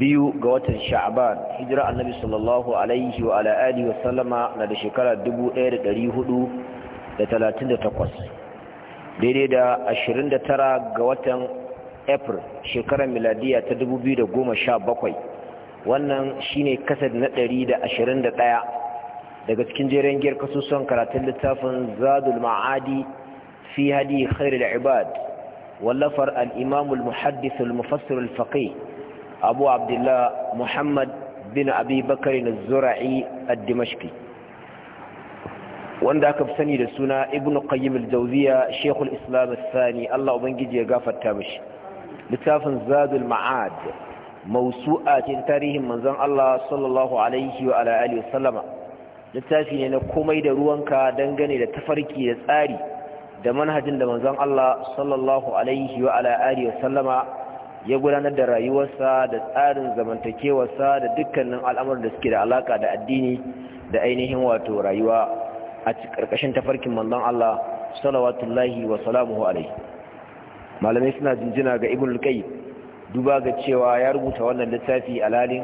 biyu ga watan sha'aban hijira annabi sallallahu alaihi wa ala alihi wasallama na da shekara 1438 daidai da 29 ga watan april shekarar miladiya ta 2017 wannan shine kasar na 121 daga cikin jerin giyar kasusuwan karatun littafin zadul ma'adi fi hadi khairul ibad wallafar al-imamul muhaddith al-mufassir al-faqih أبو عبد الله محمد بن أبي بكر الزرعي الدمشقي wanda aka fi sani da suna ibnu qayyim al-jawziya shekul islam al-thani Allah ubangiji ya gafarta mishi littafin zadul ma'ad mawsu'a ce tarihin manzon Allah sallallahu alaihi wa ala littafi ne na komai da ruwanka dangane da tafarki da tsari da manhajin da manzon Allah sallallahu alaihi wa ala alihi ya gudanar da rayuwarsa da tsarin zamantakewarsa da dukkanin al'amuran da suke da alaka da addini da ainihin wato rayuwa a ƙarƙashin tafarkin manzon Allah salawatullahi wa salamuhu alaihi malamai suna jinjina ga ibn al duba ga cewa ya rubuta wannan littafi alalin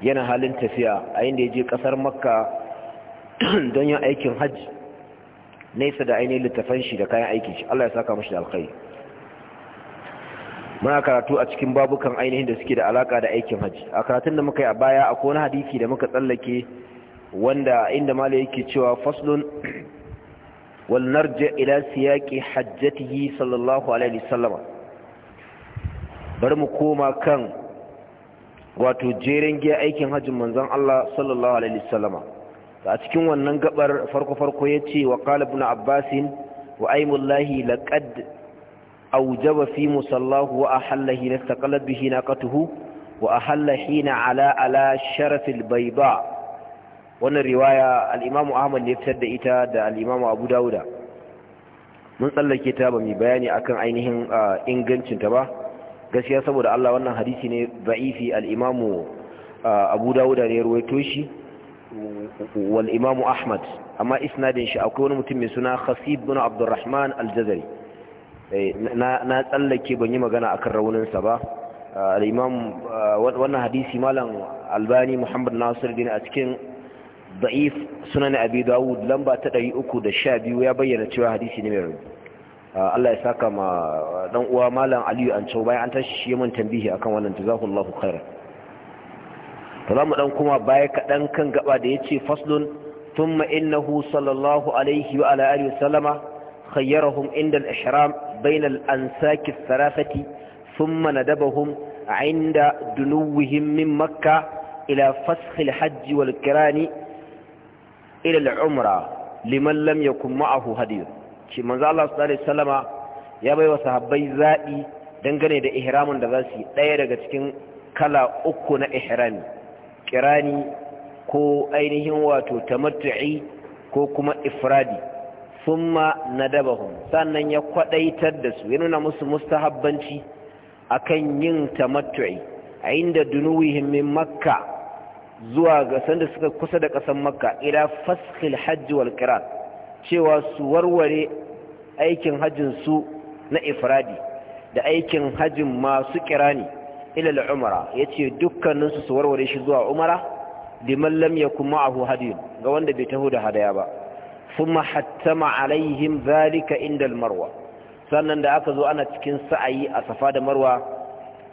yana halin tafiya a inda ya je ƙasar makka don yin aikin hajji nesa da ainihin littafan shi da kayan aikin shi Allah ya saka mashi da alkhairi muna karatu a cikin babukan ainihin da suke da alaka da aikin haji a karatun da muka yi a baya akwai wani hadisi da muka tsallake wanda inda mala yake cewa faslun wal narja ila siyaqi hajjatihi sallallahu alaihi wasallama bari mu koma kan wato jeren giya aikin hajjin manzon Allah sallallahu alaihi wasallama a cikin wannan gabar farko farko yace wa qala ibn abbasin wa aymullahi laqad أوجب في مصلاه وأحل حين استقلت به ناقته وأحل حين على على شرف البيضاء wannan riwaya al'imamu ahmad ne fitar da ita da al'imamu abu dauda mun tsallake ta ba mai bayani akan ainihin ingancinta ba gaskiya saboda allah wannan hadisi ne ba'ifi al'imamu abu dauda ne ruwaito shi wal imamu ahmad amma isnadin shi akwai wani mutum mai suna khasib bin abdurrahman aljazari Eh, na tsallake ban yi magana a akan rauninsa ba ah, al'imam ah, wannan hadisi malam albani muhammad nasir din a cikin da'if sunan abu dawud lamba ta ɗari uku da sha biyu ya bayyana cewa hadisi ne mai ah, Allah ya saka ma dan uwa malam aliyu an cewa bayan an tashi shi mun tambihi akan wannan jazakumullahu khairan to zamu dan kuma baya kaɗan kan gaba da yace faslun thumma innahu sallallahu alaihi wa ala alihi wa sallama khayyarahum inda al-ihram بين الأنساك الثلاثة ثم ندبهم عند دنوهم من مكة إلى فسخ الحج والكران إلى العمرة liman lam yakun ma'ahu hadiyun shi manzo Allah sallallahu alaihi ya baiwa sahabbai zabi dangane da ihramin da zasu yi daya daga cikin kala uku na ihrami kirani ko ainihin wato tamattu'i ko kuma ifradi summa nadabahum sannan ya kwadaitar da su ya nuna musu mustahabbanci akan yin tamattu'i a inda dunuwihim min makka zuwa ga sanda suka kusa da ƙasar makka ila faskhil hajji wal qiran cewa su warware aikin hajjin su na ifradi da aikin hajjin masu kirani ila al ya ce dukkaninsu su warware shi zuwa umara liman lam yakun ma'ahu hadiyun ga wanda bai taho da hadaya ba thumma hattama alaihim zalika inda marwa sannan da aka zo ana cikin sa'ayi a safa da marwa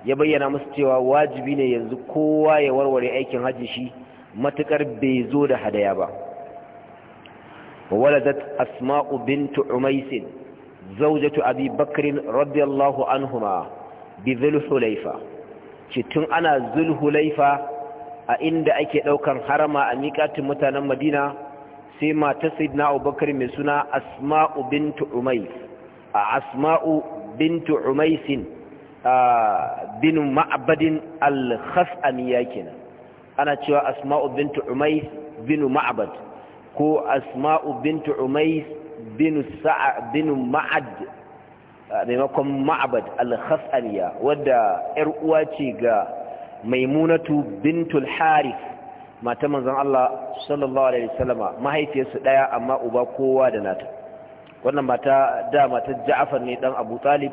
ya bayyana musu cewa wajibi ne yanzu kowa ya warware aikin hajji shi matukar bai zo da hadaya ba waladat asma'u bintu umais zawjatu abi bakr radiyallahu anhuma bi dhul ce tun ana zulhulaifa a inda ake ɗaukan harama a miƙatin mutanen madina sai mata sayyidina abubakar mai suna asma'u bintu umais a asma'u bintu umaisin bin ma'abadin al-khas'amiya kenan ana cewa asma'u bintu umais bin ma'abad ko asma'u bintu umais bin sa'a bin ma'ad maimakon ma'abad al-khas'aniya wadda 'yar uwa ce ga maimunatu bintul harith matan manzon Allah sallallahu alaihi wasallama mahaifiyarsu daya amma uba kowa da nata wannan mata da mata Ja'far ne dan Abu Talib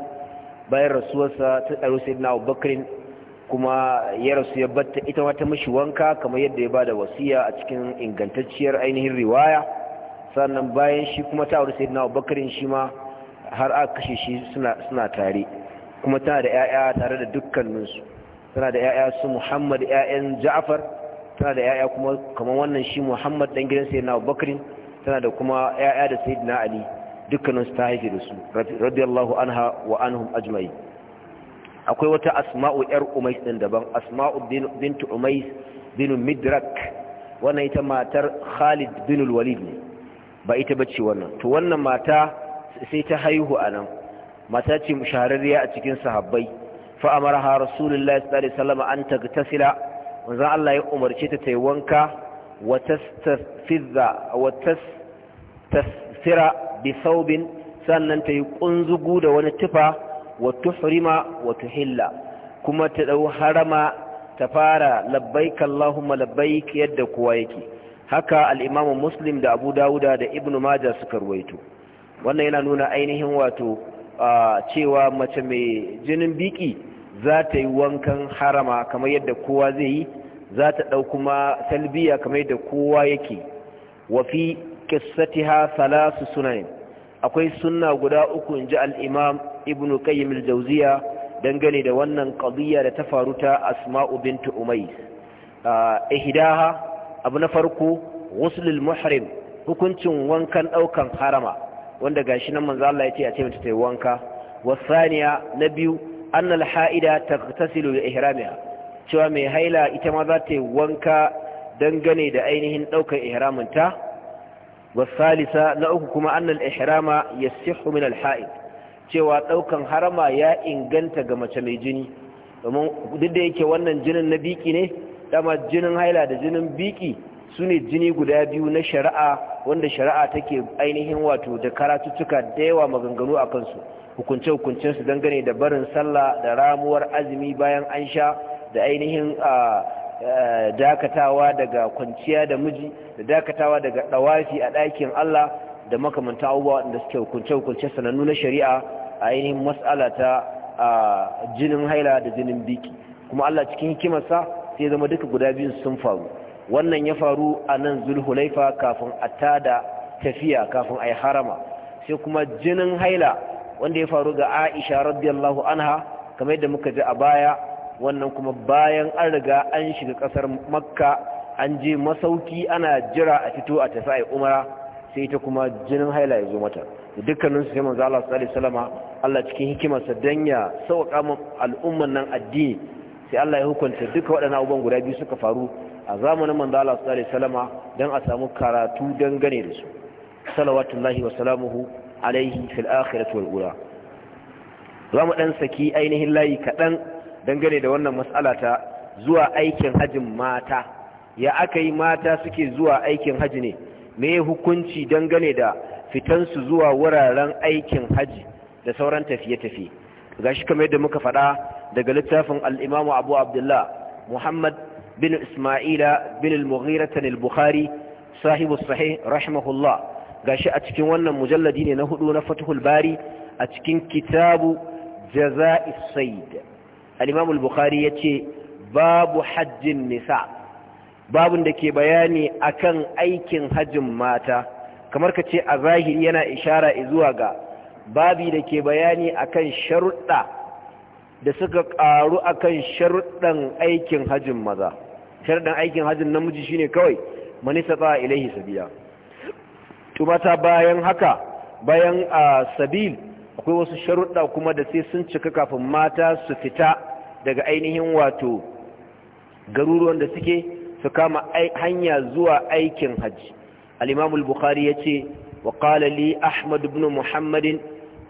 bayan rasuwarsa ta tsaro sayyidina Abubakar kuma ya rasu ya batta ita wata mishi wanka kamar yadda ya bada wasiya a cikin ingantacciyar ainihin riwaya sannan bayan shi kuma ta aure sayyidina Abubakar shi ma har aka kashe shi suna suna tare kuma tana da ƴaƴa tare da dukkaninsu tana da ƴaƴa su Muhammad ƴaƴan Ja'far tana da yaya kuma kamar wannan shi Muhammad dan gidan sayyidina Bakirin. tana da kuma yaya da na Ali dukkanin su ta haifi da su radiyallahu anha wa anhum ajma'in akwai wata asma'u yar umais din daban asma'u bintu umais bin midrak wannan ita matar Khalid bin Walid ne ba ita bace wannan to wannan mata sai ta haihu anan mata ce mushahararriya a cikin sahabbai fa amara rasulullahi sallallahu alaihi wasallam an tagtasila manzon Allah ya umarci ta tayi wanka wa tastafizza wa bi thawbin sannan tayi kunzugu da wani tufa wa tuhrima wa tuhilla kuma ta dau harama ta fara labbaik Allahumma labbaik yadda kowa yake haka al Muslim da Abu Dawuda da Ibn Maja suka ruwaito wannan yana nuna ainihin wato cewa mace mai jinin biki za ta yi wankan harama kamar yadda kowa zai yi za ta ɗau kuma talbiya kamar yadda kowa yake Wafi fi ha salasu sunan akwai sunna guda uku in al-imam ibn qayyim al-jawziya dangane da wannan qadiyya da ta faru ta asma'u Bintu Umai. ihidaha abu na farko wasulul muhrim hukuncin wankan ɗaukan harama wanda gashi nan manzo Allah ya ce a ce mata tayi wanka wasaniya na biyu annal ha'ida taghtasilu bi ihramiha cewa mai haila ita ma za ta wanka dangane da ainihin daukar ta wasalisa na uku kuma annal ihrama yasihhu min al ha'id cewa daukan harama ya inganta ga mace mai jini domin duk da yake wannan jinin na biki ne dama jinin haila da jinin biki sune jini guda biyu na shari'a wanda shari'a take ainihin wato da karatuttuka da yawa maganganu a kansu hukunce-hukuncensu dangane da barin sallah da ramuwar azumi bayan an sha da ainihin dakatawa daga kwanciya da miji da dakatawa daga dawafi a dakin Allah da makamanta abubuwa da suke hukunce-hukunce sanannu na shari'a a ainihin mas'ala ta jinin haila da jinin biki kuma Allah cikin hikimarsa sai zama duka guda biyun sun faru wannan ya faru a nan zulhulaifa kafin a tada tafiya kafin a yi harama sai kuma jinin haila wanda ya faru ga Aisha radiyallahu anha kamar yadda muka ji a baya wannan kuma bayan an riga an shiga kasar Makka an je masauki ana jira a fito a tafi a umara sai ta kuma jinin haila ya zo mata dukkanin su sai manzo Allah sallallahu alaihi Allah cikin hikimarsa dan ya sauka mu al'umman nan addini sai Allah ya hukunta duka waɗannan abubuwan guda biyu suka faru a zamanin manzo Allah sallallahu alaihi dan a samu karatu dangane da su salawatullahi wa salamuhu alaihi fil akhirati wal ula za mu dan saki ainihin layi kaɗan dangane da wannan mas'ala ta zuwa aikin hajin mata ya aka yi mata suke zuwa aikin haji ne me hukunci dangane da fitan su zuwa wuraren aikin haji da sauran tafiye-tafiye gashi kamar yadda muka faɗa daga littafin al-Imam Abu Abdullah Muhammad bin Isma'ila bin al al-Bukhari sahibusahi. sahih rahimahullah gashi a cikin wannan mujalladi ne na hudu na Fathul Bari a cikin kitabu Jaza'is Sayyid al-Imam al-Bukhari yace babu hajjin nisa babun da ke bayani akan aikin hajjin mata kamar ka ce a zahiri yana ishara zuwa ga babi da ke bayani akan sharuɗa da suka ƙaru akan sharuɗan aikin hajjin maza sharuɗan aikin hajjin namiji shine kawai manisa ba ilaihi sabiya tumata bayan haka bayan a sabil akwai wasu sharuɗa kuma da sai sun cika kafin mata su fita daga ainihin wato garuruwan da suke su kama hanya zuwa aikin hajji al-imam al-bukhari yace wa qala li ahmad ibn muhammadin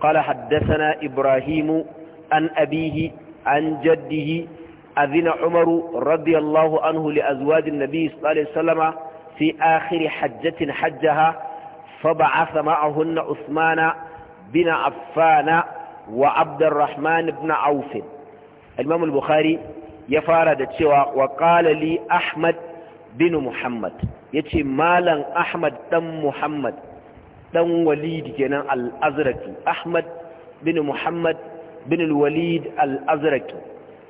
qala haddathana ibrahimu an abihi an jaddihi adhina umaru radiyallahu anhu li azwaj nabi sallallahu fi akhiri hajjatin hajjaha فبعث معهن عثمان بن عفان وعبد الرحمن بن عوف الإمام البخاري يفارد cewa وقال لي أحمد بن محمد يتي مالا أحمد دم محمد دم وليد كنا الأزرقي أحمد بن محمد بن الوليد الأزرقي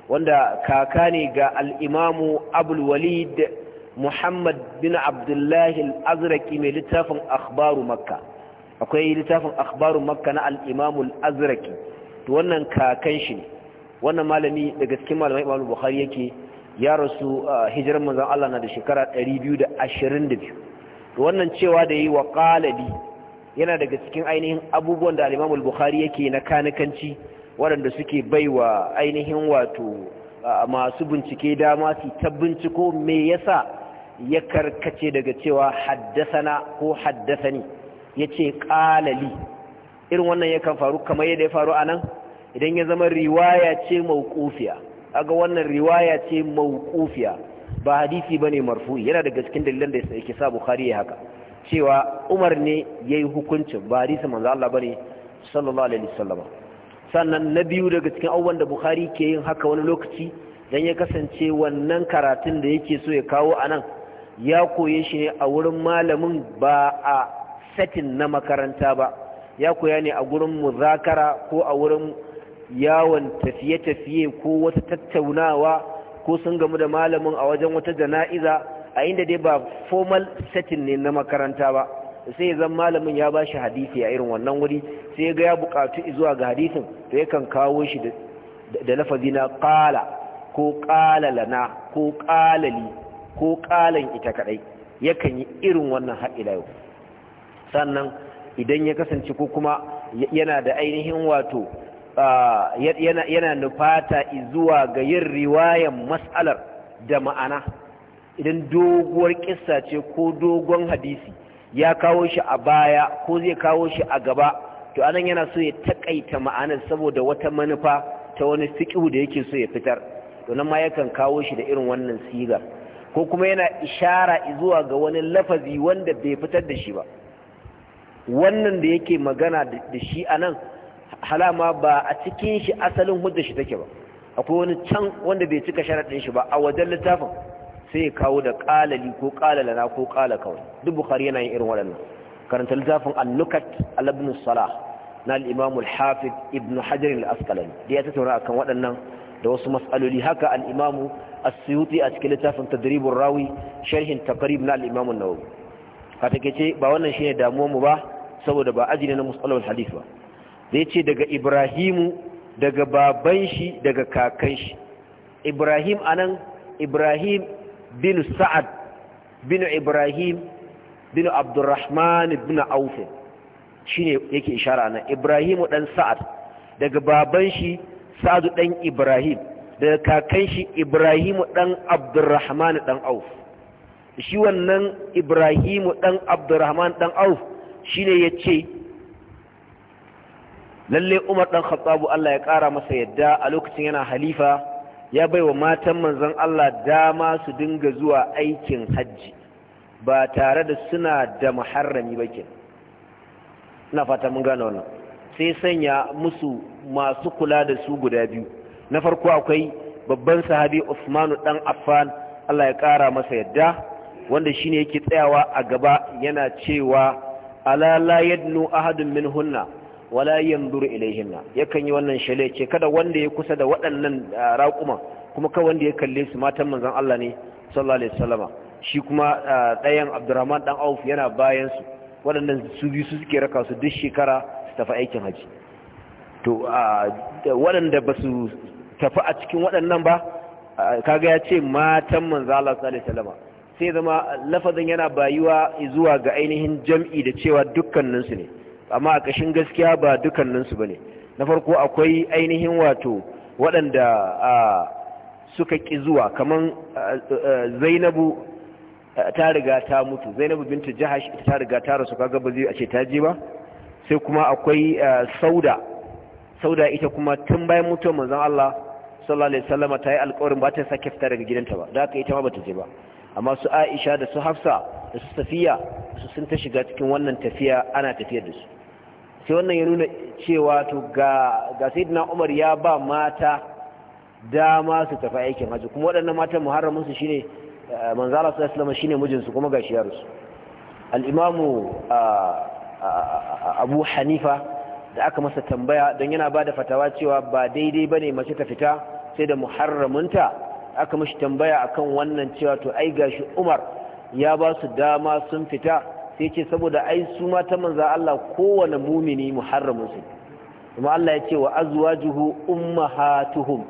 wanda kaka ne ga al'imamu abulwalid muhammad bin abdullahi al-azraki mai littafin akhbaru makka akwai littafin akhbaru makka na al-imam al-azraki to wannan kakan shi ne wannan malami daga cikin malamai imam bukhari yake ya rasu ah, hijirar manzon Allah na da shekara 222 to wannan cewa da yi wa qalabi yana daga cikin ainihin abubuwan da al-imam bukhari yake na kanikanci waɗanda suke baiwa ainihin wato ah, masu bincike dama su ta binciko me yasa ya karkace daga cewa haddasana ko haddasani ya ce ƙalali irin wannan yakan faru kamar yadda ya faru a nan idan ya zama riwaya ce mawkufiya aga wannan riwaya ce mawkufiya ba hadisi ba ne marfu yana daga cikin dalilan da yake sa bukari ya haka cewa umar ne ya yi hukuncin ba hadisi manzo Allah ba ne sallallahu alaihi wasallam sannan na biyu daga cikin abubuwan da bukari ke yin haka wani lokaci dan ya kasance wannan karatun da yake so ya kawo anan ya koye shi ne a wurin malamin ba a setin na makaranta ba ya koya ne a gurin muzakara ko a wurin yawon tafiye-tafiye ko wata tattaunawa ko sun gamu da malamin a wajen wata jana'iza a inda dai ba formal setin ne na makaranta ba sai zan malamin ya ba shi hadisi a irin wannan wuri sai ga ya bukatu zuwa ga hadisin to yakan kawo shi da lafazi na ƙala, ko qala lana ko ƙalali. ko ƙalan ita kaɗai yakan yi irin wannan haɗila yau sannan idan ya kasance ko kuma yana da ainihin wato yana nufata zuwa ga yin riwayan matsalar da ma'ana idan doguwar kissa ce ko dogon hadisi ya kawo shi a baya ko zai kawo shi a gaba to anan yana so ya takaita ma'anar saboda wata manufa ta wani fiƙihu da yake so ya fitar to nan ma yakan kawo shi da irin wannan sigar ko kuma yana ishara zuwa ga wani lafazi wanda bai fitar da shi ba wannan da yake magana da shi a nan halama ba a cikin shi asalin hudda shi take ba akwai wani can wanda bai cika sharaɗin shi ba a wajen littafin sai ya kawo da ƙalali ko ƙalalana ko ƙala kawai duk bukari yana yin irin waɗannan karanta littafin al annukat alabin salah na al-Imamu al-hafid ibn hajar al asqalani da ya tattauna akan waɗannan da wasu matsaloli haka al'imamu as-suyuti a cikin littafin tadribur rawi sharhin taqrib na al'imamin imam an-nawawi ce ba wannan shine damuwar mu ba saboda ba aji ne na musallar hadith ba da yace daga ibrahimu daga baban shi daga kakan shi ibrahim anan ibrahim bin sa'ad bin ibrahim bin abdurrahman bin auf shine yake ishara nan ibrahimu dan sa'ad daga baban shi sa'ad dan ibrahim daga kakan shi ibrahimu ɗan abdurrahman ɗan auf shi wannan ibrahimu ɗan abdurrahman ɗan auf shi ne ya ce lalle umar ɗan khattabu allah ya ƙara masa yadda a lokacin yana halifa ya bai wa matan manzon allah dama su dinga zuwa aikin hajji ba tare da suna da muharrami ba ke ina fata mun gane wannan sai sanya musu masu kula da su guda biyu na farko akwai babban sahabi Usmanu dan Affan Allah ya kara masa yadda wanda shine yake tsayawa a gaba yana cewa ala la yadnu ahadun minhunna wala yanzuru ilayhinna yakan yi wannan shale ce kada wanda ya kusa da waɗannan ah, raƙuma kuma ka wanda ya kalle su matan manzon Allah ne sallallahu alaihi wasallama shi kuma ah, ɗayan Abdurrahman dan Auf yana bayan su waɗannan su biyu su suke raka su duk shekara su tafi aikin haji to ah, waɗanda ba su tafi a cikin waɗannan ba kaga ya ce matan manzo Allah sallallahu alaihi wasallam sai zama lafazin yana bayuwa zuwa ga ainihin jam'i da cewa dukkaninsu ne amma a ƙashin gaskiya ba dukkaninsu ba ne na farko akwai ainihin wato waɗanda suka ƙi zuwa kamar zainabu ta riga ta mutu zainabu binta jahash ta riga ta rasu kaga ba zai a ce ta je ba sai kuma akwai sauda sauda ita kuma tun bayan mutuwar manzon Allah sallallahu alaihi wasallam ta yi alƙawarin ba ta sake fita daga gidanta ba da aka ita ma bata je ba amma su Aisha da su Hafsa da su Safiya su sun ta shiga cikin wannan tafiya ana tafiyar da su sai wannan ya nuna cewa to ga ga Sayyidina Umar ya ba mata dama su tafi aikin haji kuma waɗannan matan muharramin su shine eh, manzo Allah sallallahu alaihi wasallam shine mijinsu kuma gashi yaro su al-Imam ah, ah, Abu Hanifa da aka masa tambaya don yana ba da fatawa cewa ba daidai ba ne mace ta fita sai da muharraminta aka mashi tambaya akan wannan cewa to ai gashi umar ya ba su dama sun fita sai ce saboda ai su mata manza Allah kowane mumini muharramin su kuma Allah ya ce wa azwajuhu ummahatuhum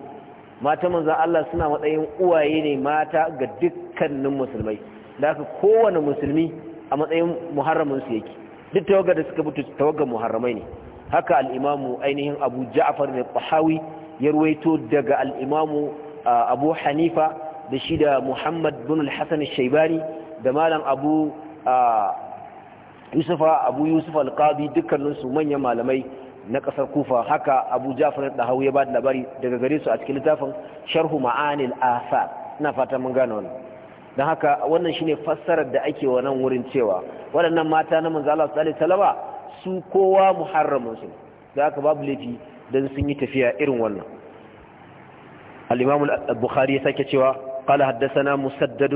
mata manza Allah suna matsayin uwaye ne mata ga dukkanin musulmai da haka kowane musulmi a matsayin muharramin su yake duk tawaga da suka mutu tawaga muharramai ne haka al-imamu ainihin Abu Ja'far ne Qahawi ya ruwaito daga al'imamu abu hanifa da shi da muhammad bin al-hassan shaibani da malam abu yusufa abu yusuf al-qadi dukkaninsu manyan malamai na ƙasar kufa haka abu jafar da hau ya ba da labari daga gare su a cikin littafin sharhu ma'anil asar na fata mun gane wani don haka wannan shine fassarar da ake wa nan wurin cewa waɗannan mata na manzala su sallallahu talaba su kowa muharramin su da aka babu laifi dan sun yi tafiya irin wannan al-imam al-bukhari ya sake cewa qala haddathana musaddad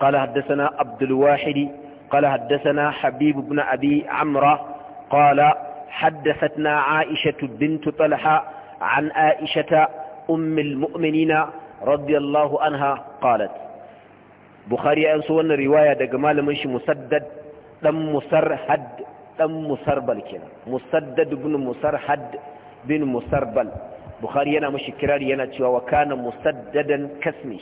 qala haddathana abdul wahidi qala haddathana habib ibn abi amra qala haddathatna aisha bint talha an aishata umm al radiyallahu anha qalat bukhari ya so wannan riwaya daga malamin shi musaddad dan musarhad dan musarbal kenan musaddad ibn musarhad bin musarbal bukhari yana mashi kirari yana cewa wa kana musaddadan kasmi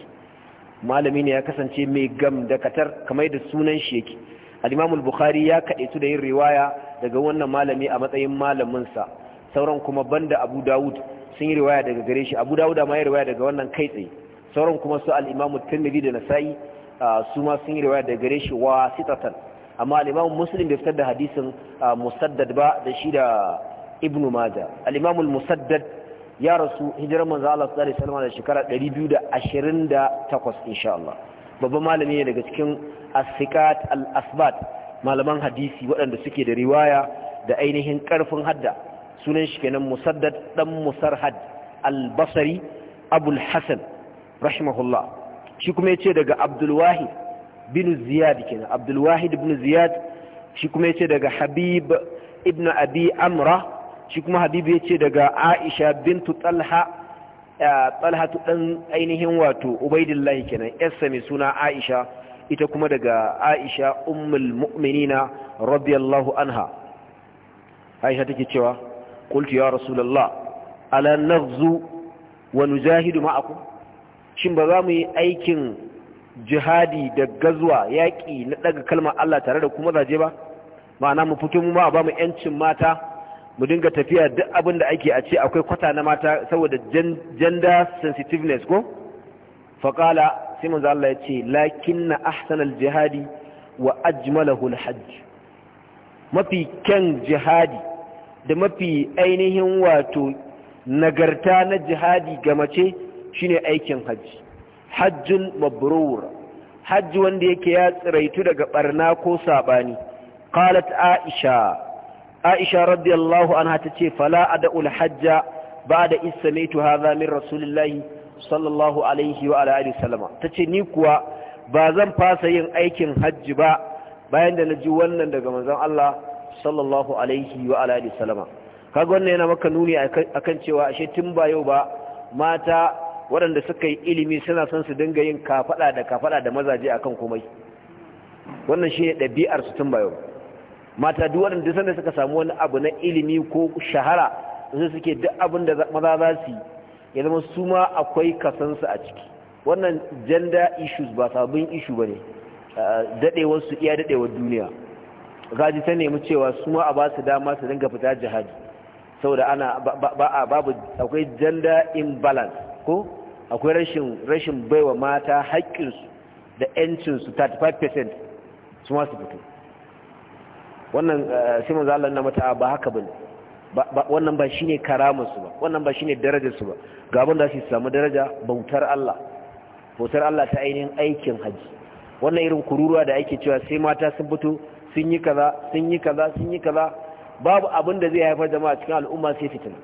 malami ne ya kasance mai gam da katar kamar da sunan shi yake al-imamul bukhari ya su da yin riwaya daga wannan malami a matsayin malamin sa sauran kuma banda abu dawud sun yi riwaya daga gare shi abu dawud ma ya riwaya daga wannan kai tsaye sauran kuma su al-imamu tirmidhi da nasa'i su ma sun yi riwaya daga gare shi wasitatan amma al-imamu muslim bai fitar da hadisin musaddad ba da shi da ibn maja al-imam al-musaddad ya rasu hijirar manzo Allah sallallahu alaihi wasallam da shekara 228 insha Allah babban malami ne daga cikin as al-asbat malaman hadisi waɗanda suke da riwaya da ainihin karfin hadda sunan shi kenan musaddad dan musarhad al-basri abul hasan rahimahullah shi kuma yace daga abdul wahid bin ziyad kenan abdul wahid ziyad shi kuma yace daga habib ibn abi amra shi kuma habibu ya ce daga aisha bintu talha talha ɗan ainihin wato ubaidillahi kenan yarsa mai suna aisha ita kuma daga aisha ummul mu'minina radiyallahu anha aisha take cewa qultu ya rasulullah ala nazu wa nujahidu ma'akum shin ba za mu yi aikin jihadi da gazuwa yaƙi na daga kalmar Allah tare da kuma zaje ba ma'ana mu fito mu ma ba mu yancin mata mu dinga tafiya duk abin da ake a ce akwai kwata na mata saboda gender sensitiveness ko faƙala sai manzo Allah ya ce lakin na ahsanal jihadi wa ajmalahul hajj mafi kyan jihadi da mafi ainihin wato nagarta na jihadi ga mace shine aikin hajji hajjun mabrur hajji wanda yake ya tsiraitu daga barna ko saɓani. qalat aisha aisha radiyallahu anha ta tace fala da hajja ba'da ismaitu hadha min rasulillahi sallallahu alaihi wa alihi Ta ce ni kuwa ba zan fasa yin aikin hajji ba bayan da ji wannan daga manzon Allah sallallahu alaihi wa alihi salama kaga wannan yana maka nuni akan cewa ashe tun ba yau ba mata waɗanda suka yi ilimi suna son su dinga yin kafada da kafada da mazaje akan komai wannan shine ɗabi'ar su tun ba yau mata duk waɗanda sanda suka samu wani abu na ilimi ko shahara sai suke duk abin da maza za su ya zama su ma akwai kasansu a ciki wannan gender issues ba sabbin ishu ba ne daɗewar su iya daɗewar duniya gaji ta nemi cewa su ma a ba su dama su dinga fita jihadi saboda ana ba a babu akwai gender imbalance ko akwai rashin rashin baiwa mata haƙƙinsu da 'yancinsu 35% su ma su fito wannan eh, sai zalar na mata ah, ba haka bane wannan ba shine ne su ba wannan ba shine ne darajarsu ba ga da su samu daraja bautar Allah bautar Allah ta ainihin aikin haji wannan irin kururuwa da ake cewa sai mata sun fito sun yi kaza sun yi kaza sun yi kaza babu abin da zai haifar jama'a cikin al'umma sai fitina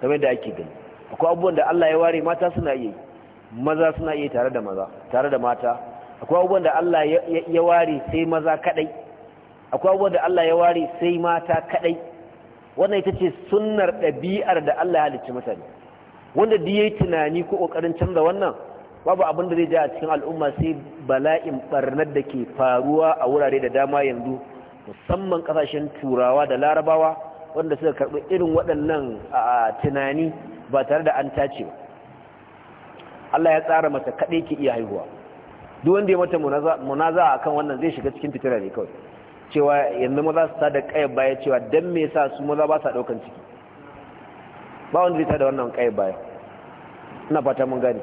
kamar da ake gani akwai abubuwan da Allah ya ware mata suna iya maza suna iya tare da maza tare da mata akwai abubuwan da Allah ya ware sai maza kadai akwai abubuwan da Allah ya ware sai mata kadai wannan ita ce sunnar dabi'ar da Allah ya halicci mutane wanda duk yayi tunani ko kokarin canza wannan babu abin da zai ja a cikin al'umma sai bala'in barnar da ke faruwa a wurare da dama yanzu musamman kasashen turawa da larabawa wanda suka karɓi irin waɗannan tunani ba tare da an tace ba Allah ya tsara mata kaɗai ke iya haihuwa duk wanda ya mata munaza akan wannan zai shiga cikin fitina ne kawai cewa yanzu maza su tada kayan baya cewa don me yasa su maza ba sa daukan ciki ba wanda zai tada wannan kayan baya ina fata mun gani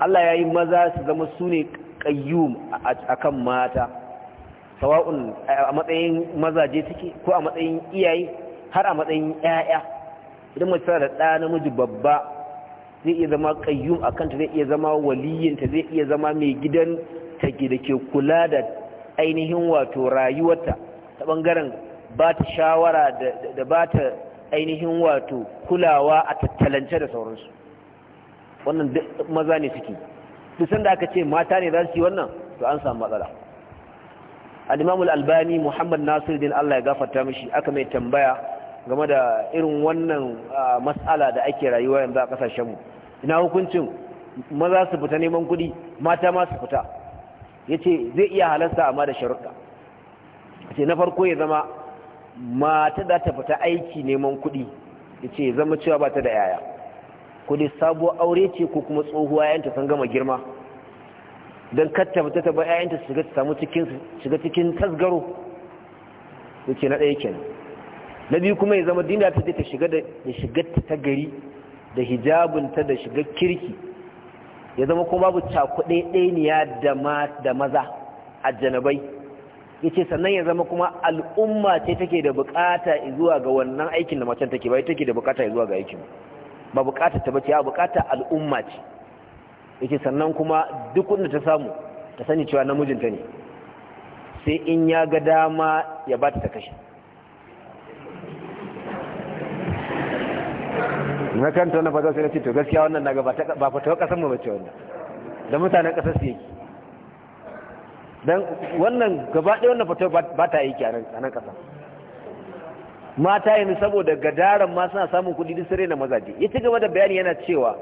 Allah ya yi maza su zama su ne a kan mata sawa'un a matsayin mazaje suke ko a matsayin iyaye har a matsayin 'ya'ya idan mace tana da ɗa namiji babba zai iya zama kayyum a kanta zai iya zama waliyinta zai iya zama mai gidan take da ke kula da ainihin wato rayuwarta ta bangaren ba ta shawara da ba ta ainihin wato kulawa a tattalance da sauransu wannan maza ne suke duk sanda aka ce mata ne za su yi wannan to an samu matsala al-imamul albani muhammad nasiruddin Allah ya gafarta mishi aka mai tambaya game da irin wannan mas'ala da ake rayuwa yanzu a ƙasashenmu. ina hukuncin maza su fita neman kuɗi mata ma su fita ya ce zai iya halasta amma da sharuɗa ce na farko ya zama mata da ta fita aiki neman kuɗi ya ce zama cewa ba ta da yaya kudi sabuwar aure ce ko kuma tsohuwa yanta sun gama girma don katta fita ta ba yanta su samu cikin tasgaro ya ce na ɗaya kenan na biyu kuma ya zama dina ta ta shiga shiga ta gari da hijabinta da shiga kirki ya zama kuma babu cakuɗe ɗaniya da maza a janabai ya ce sannan ya zama kuma al'umma ce take da bukata zuwa ga wannan aikin da macen take bai take da bukata zuwa ga aikin ba bukata ta bace ya bukata al'umma ce ya ce sannan kuma duk wanda ta samu ta sani cewa namijinta ne sai in ya ga dama ya ba ta ta kashe na kanta wannan fata sai na ce to gaskiya wannan na gaba ba fatawa kasan mu bace wannan da mutanen kasar su yake dan wannan gaba ɗaya wannan fata ba ta aiki a nan kasa mata yanzu saboda gadaran ma suna samun kuɗi duk sare na mazaje ya ci gaba da bayani yana cewa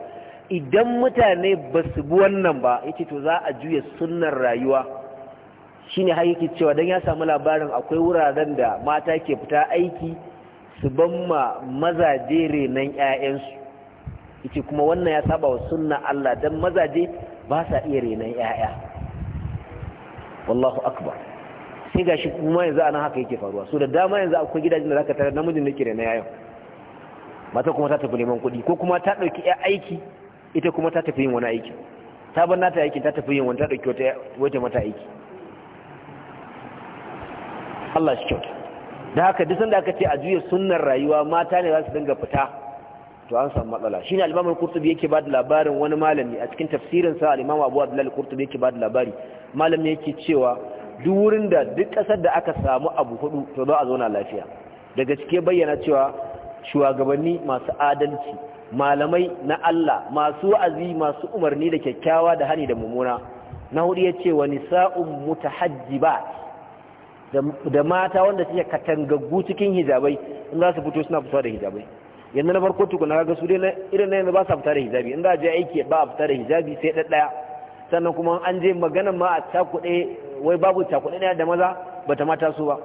idan mutane ba su bi wannan ba yace to za a juya sunnar rayuwa shine har yake cewa dan ya samu labarin akwai wuraren da mata ke fita aiki su ban ma mazaje renon 'ya'yansu yace kuma wannan ya saba wa sunna Allah don mazaje ba sa iya renon 'ya'ya wallahu akbar sai shi kuma yanzu anan haka yake faruwa so da dama yanzu akwai gidajen da zaka tarar namijin da ke renan 'ya'yan mata kuma ta tafi neman kuɗi ko kuma ta ɗauki 'ya aiki ita kuma ta tafi yin wani aiki ta bar nata aiki ta tafi yin wani ta ɗauki wata mata aiki Allah shi kyauta da haka duk sanda aka ce a juya sunnar rayuwa mata ne za su dinga fita to an samu matsala shine al-Imam al-Qurtubi yake bada labarin wani malami a cikin tafsirin sa al-Imam Abu Abdullah al-Qurtubi yake bada labari malami yake cewa duk wurin da duk kasar da aka samu abu hudu to za a na lafiya daga cike bayyana cewa shugabanni masu adalci malamai na Allah masu wa'azi masu umarni da kyakkyawa da hani da mummuna na hudu yace wa nisa'un mutahajjibat da mata wanda suke katangaggu cikin hijabai in za su fito suna fito da hijabai yanzu na farko tukuna kaga su dai irin na yanzu ba su fita da hijabi in za a je aiki ba a fita da hijabi sai ɗaɗɗaya sannan kuma an je maganan ma a cakuɗe wai babu cakuɗe ne da maza ba ta mata su ba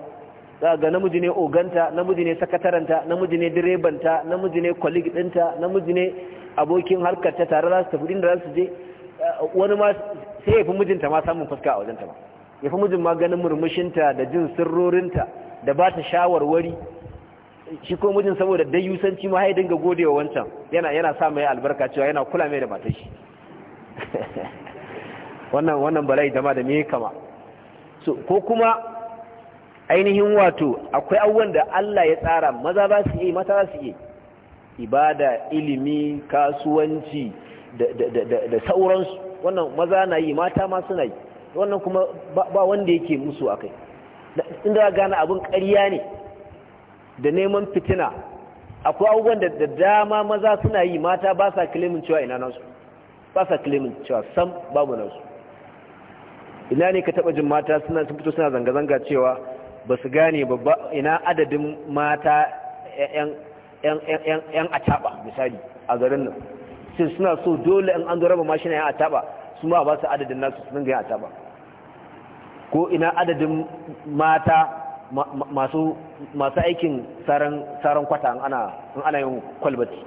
za ga namiji ne oganta namiji ne sakataranta namiji ne direbanta namiji ne colleague ɗinta namiji ne abokin harkar ta tare za su tafi inda za su je wani ma sai ya fi mijinta ma samun fuska a wajen ta ba ya fi mijin maganin murmushinta da jin sirrorinta da ba ta shawarwari shi ko mijin saboda dai yusanci ma ya ga godewa wancan yana yana sa mai albarka cewa yana kula mai da matashi. wannan wannan bala'i dama da me kama so ko kuma ainihin wato akwai abubuwan da Allah ya tsara maza ba su yi mata su yi ibada ilimi kasuwanci da da da da sauransu wannan maza na yi mata ma suna yi wannan kuma ba wanda yake musu a kai inda gane abin ƙarya ne da neman fitina akwai abubuwan da dama maza suna yi mata ba sa kilimin cewa ina nasu ba sa kilimin cewa sam babu nasu ina ne ka taba jin mata suna sun fito suna zanga-zanga cewa ba su gane babba ina adadin mata yan ataba misali a garin nan sai suna so dole in an zo raba mashina yan ataba su ma ba su adadin nasu sun ga yan ataba ko ina adadin mata masu aikin tsaron kwata in ana yin kwalbati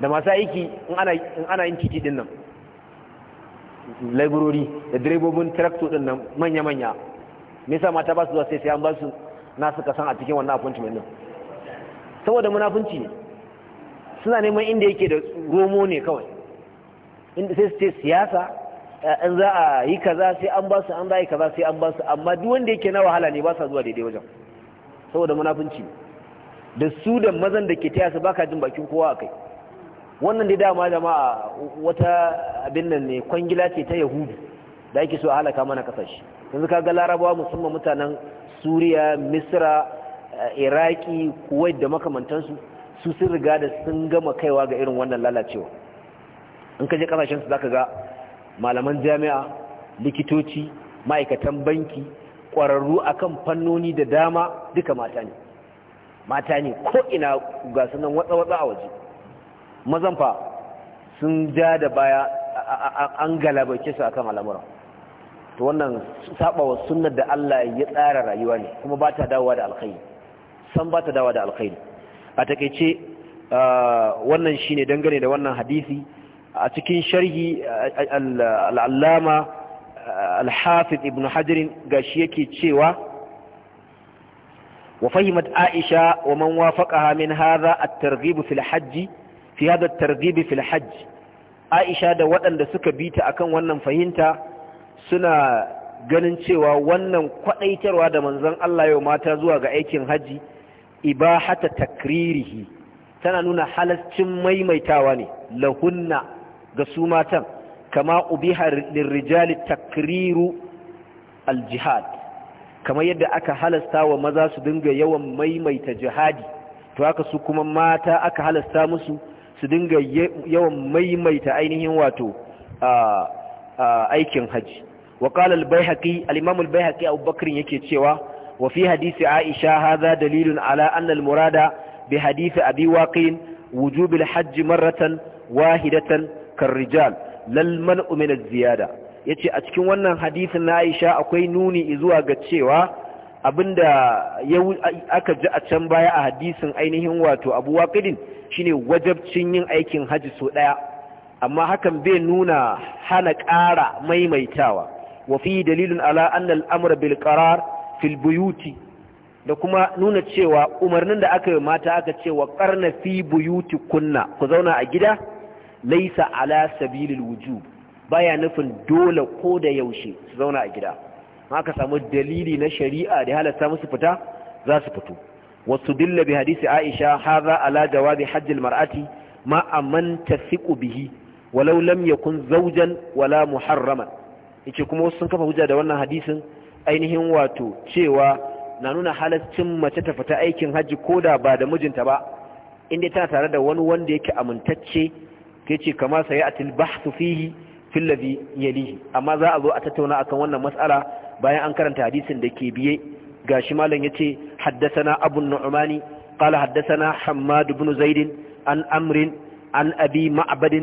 da masu aiki in ana yin titi din nan laburori da direbobin traktor din nan manya-manya me yasa mata ba su zuwa sai sai an ba su na suka san a cikin wannan appointment din saboda munafunci ne suna neman inda yake da romo ne kawai inda sai su ce siyasa in za a yi kaza sai an ba su an za a yi kaza an ba su amma duk wanda yake na wahala ne ba sa zuwa daidai wajen saboda munafunci da su da mazan da ke taya su baka jin bakin kowa a kai wannan dai dama jama'a wata abin nan ne kwangila ce ta yahudu da ake so a halaka mana kasashe yanzu ka ga larabawa musamman mutanen suriya misra iraki kuwait da makamantansu su sun riga da sun gama kaiwa ga irin wannan lalacewa in ka je kasashen su zaka ga malaman jami'a likitoci ma'aikatan banki ƙwararru akan fannoni da dama duka mata ne mata ne ko ina ga sunan watsa-watsa a waje mazan sun ja da baya an galabace akan al'amura to wannan sabawa sunan da Allah ya tsara rayuwa ne kuma ba ta dawowa da alkhairi san ba ta dawowa da alkhairi a takaice wannan shine dangane da wannan hadisi a cikin sharhi al'allama al-hafiz ibn hajjirin gashi yake cewa wa fahimat aisha wa man wafaqaha min hadha a targhib fil fi haza targibu filhajji aisha da waɗanda suka bita akan wannan fahimta suna ganin cewa wannan kwaɗaitarwa da manzan Allah yau mata zuwa ga aikin haji ibahata takririhi tana nuna halascin maimaitawa ne lahunna ga su matan kama ubiha lirrijali takriru aljihad kamar yadda aka halasta wa maza su dinga yawan maimaita jihadi to haka su kuma mata aka halasta musu su dinga yawan maimaita ainihin wato aikin haji wa qala al-baihaqi al-imam al-baihaqi Abu yake cewa wa fi hadisi Aisha hadha dalilun ala anna al-murada bi hadisi Abi Waqin wujub al-hajj marratan wahidatan karrijal lal man'u min az-ziyada yace a cikin wannan hadisin na Aisha akwai nuni zuwa ga cewa abinda ya aka ji a can baya a hadisin ainihin wato Abu Waqidin shine wajabcin yin aikin haji so daya amma hakan bai nuna hana ƙara maimaitawa wa fi dalilun ala anna al-amra bil qarar fil buyuti da kuma nuna cewa umarnin da aka yi mata aka ce wa karna fi buyuti kunna ku zauna a gida laisa ala sabilil wujub baya nufin dole ko da yaushe su zauna a gida haka samu dalili na shari'a da halatta musu fita za su fito wasu dilla bi hadisi aisha haza ala jawabi hajjil mar'ati ma amman tasiqu bihi walau lam yakun zawjan wala muharraman Yake kuma wasu sun kafa hujja da wannan hadisin ainihin wato cewa na nuna halaccin mace ta fita aikin ko koda ba da mijinta ba inda tana tare da wani wanda yake amintacce ke ce kama sai a tilbahtu fihi fillazi yalihi amma za a zo a tattauna akan wannan mas'ala bayan an karanta hadisin da ke biye gashi malam yace haddathana abu nu'mani qala haddathana hammad ibn zaid an amrin an abi ma'bad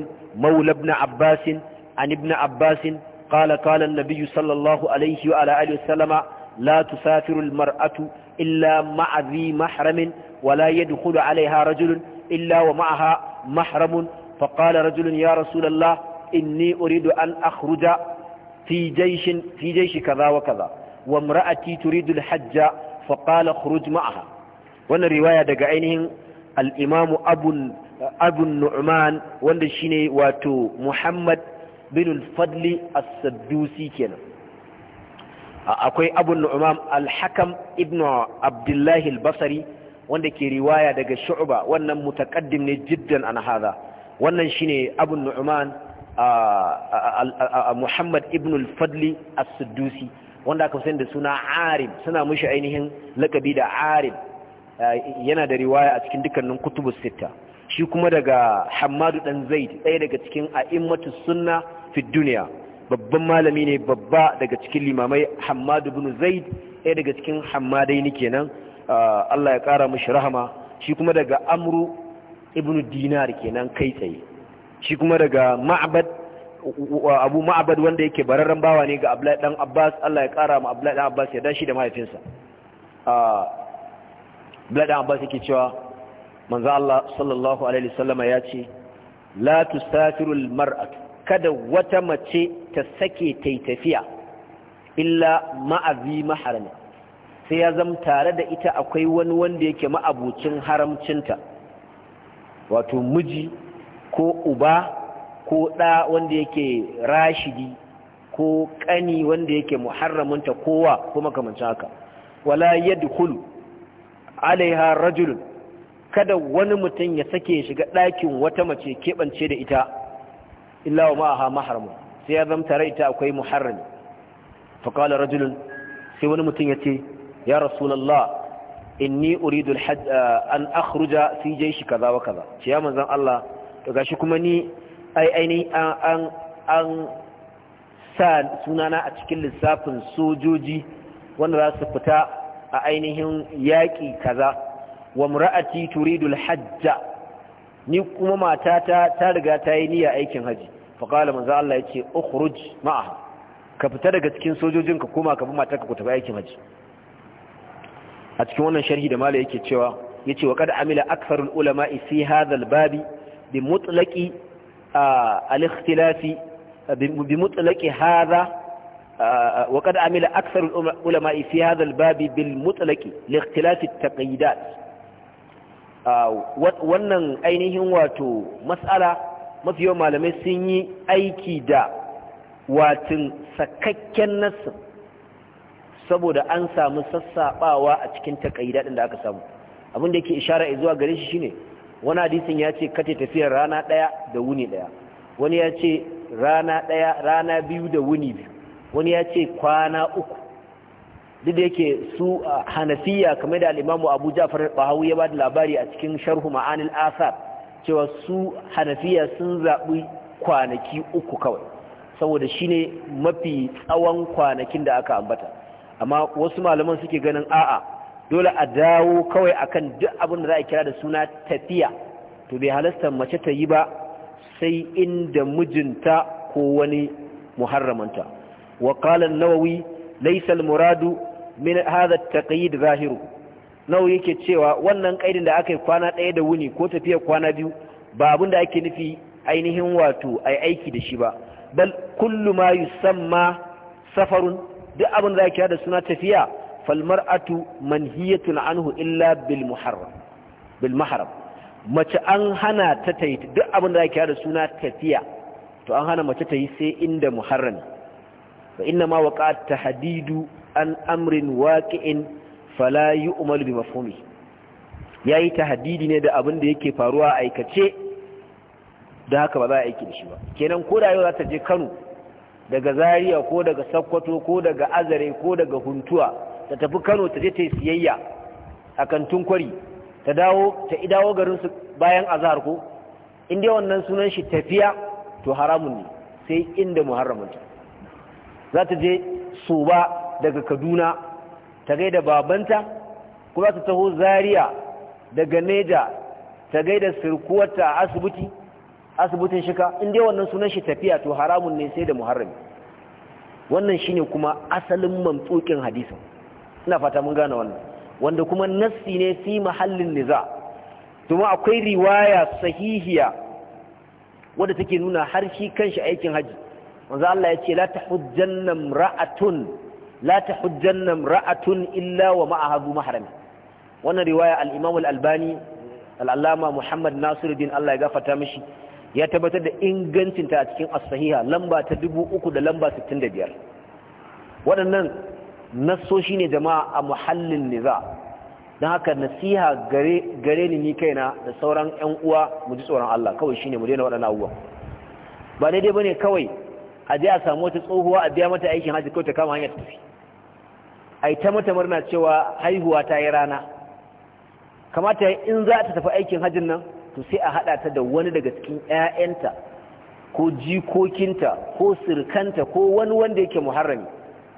mawla ibn abbas an ibn abbas qala qala an-nabiy sallallahu alayhi wa ala alihi wasallama la tu al-mar'atu illa ma'a dhi mahramin wa la yadkhulu rajulun illa wa ma'aha mahramun فقال رجل يا رسول الله إني أريد أن أخرج في جيش, في جيش كذا وكذا وامرأتي تريد الحج فقال خرج معها وانا رواية دقائنهم الإمام أبو, أبو النعمان وانا شيني واتو محمد بن الفضل السدوسي كينا akwai abu nu'umam al-hakam ibn abdullahi al-basri wanda ke riwaya daga shu'ba wannan mutaqaddim ne jiddan an hadha wannan shine abu nu'man muhammad ibn al-fadli as wanda aka san da suna arim suna mushi ainihin lakabi da arib yana da riwaya a cikin dukkanin kutubus sita shi kuma daga hammadu dan zaid ɗaya daga cikin a'immatus sunna fi duniya babban malami ne babba daga cikin limamai hammadu bin zaid ɗaya daga cikin hammadai ne kenan Allah ya ƙara mushi rahama shi kuma daga amru ibn dinar kenan kai tsaye shi kuma daga ma'abad abu ma'abad wanda yake bararren bawa ne ga abdullahi dan abbas Allah ya kara ma abdullahi dan abbas ya dashi da mahaifinsa ah, abdullahi dan abbas yake cewa manzo Allah sallallahu alaihi wasallama ya ce la tusafiru almar'at kada wata mace ta sake tafiya illa ma'azi maharami sai ya zama tare da ita akwai wani wanda yake ma'abucin haramcinta wato miji ko uba ko ɗa wanda yake rashidi ko ƙani wanda yake muharramunta kowa ko makamancin haka wala yadkhulu alaiha rajulun kada wani mutum ya sake shiga ɗakin wata mace keɓance da ita illa wa ma'aha maharamun sai ya zama tare ita akwai muharrami qala rajulun sai wani mutum ya ce ya rasulallah inni uridu uh, an akhruja fi jayshi kaza wa kaza ce ya manzon Allah to gashi kuma ni ai aini an an sa sunana a cikin lissafin sojoji wanda za su fita a ainihin yaƙi kaza wa mura'ati turidu alhajja ni kuma matata ta riga ta yi niyya aikin haji fa qala manzo Allah yace ukhruj ma'a ka fita daga cikin sojojin ka koma ka bi matarka ku tafi aikin haji a cikin wannan sharhi da mala yake cewa yace wa qad amila aktharul ulama fi hadha babi bi mutlaqi al-ikhtilafi bi mutlaqi hadha wannan ainihin wato matsala mafi yawan malamai sun yi aiki da watin sakakken nasu saboda an samu sassabawa a cikin takaida din da aka samu abinda da yake ishara zuwa gare shi shine wani hadisin ya ce kace tafiyar rana ɗaya da wuni daya wani ya ce rana daya rana biyu da wuni biyu wani ya ce kwana uku duk da yake su hanafiya kamar da al-imamu Abu Ja'far Bahawi ya bada labari a cikin sharhu ma'anil asar cewa su hanafiya sun zaɓi kwanaki uku kawai saboda shine mafi tsawon kwanakin da aka ambata amma wasu malaman suke ganin a'a dole a dawo kawai akan duk abin da za a kira da suna tafiya to bai halasta mace ta yi ba sai inda mijinta ko wani muharramanta wa qala an-nawawi laysa al-muradu min hadha at-taqyid zahiru nawawi yake cewa wannan kaidin da aka yi kwana ɗaya da wuni ko tafiya kwana biyu ba abin da ake nufi ainihin wato ai aiki da shi ba bal kullu ma yusamma safarun duk abin da ake da suna tafiya falmar'atu manhiyatun anhu illa bil muharram bil mahram mace an hana ta yi duk abin da ake da suna tafiya to an hana mace ta yi sai inda muharram fa inna ma ta hadidu an amrin waqi'in fala umar bi yi yayi hadidi ne da abin da yake faruwa aikace da haka ba za a aiki da shi ba kenan ko da yau za ta je Kano daga Zariya ko daga sakkwato ko daga azare ko daga huntuwa ta tafi kano ta je ta yi siyayya a kantin kwari ta dawo ta idawo garinsu bayan azahar ko inda yawan wannan sunan shi tafiya to haramun ne sai inda ta za ta je suba daga kaduna ta gaida babanta kuma ta taho Zariya daga neja ta gaida sirkuwarta a asibiti asibitin shika in dai wannan sunan shi tafiya to haramun ne sai da muharrami wannan shine kuma asalin mamtsukin hadisi ina fata mun gane wannan wanda kuma nassi ne fi mahallin niza kuma akwai riwaya sahihiya wadda take nuna har shi kanshi aikin haji manzo Allah ya ce la tahujjanna ra'atun la tahujjanna ra'atun illa wa ma'aha bu mahrami wannan riwaya al-Imam al-Albani al-Allama Muhammad Nasiruddin Allah ya gafarta mishi ya tabbatar da ingancinta a cikin asahiha lamba ta uku da lamba biyar. waɗannan nassoshi ne jama'a a muhallin niza don haka nasiha gare ni ni kaina da sauran 'yan uwa mu ji tsoron Allah kawai shi ne mu daina waɗannan abubuwan ba daidai bane kawai a je a samu wata tsohuwa a biya mata aikin hajji kawai ta kama hanyar tafi yi ta mata murna cewa haihuwa ta yi rana kamata in za ta tafi aikin hajjin nan to sai a haɗa ta da wani daga cikin 'ya'yanta ko jikokinta ko sirkanta ko wani wanda yake muharrami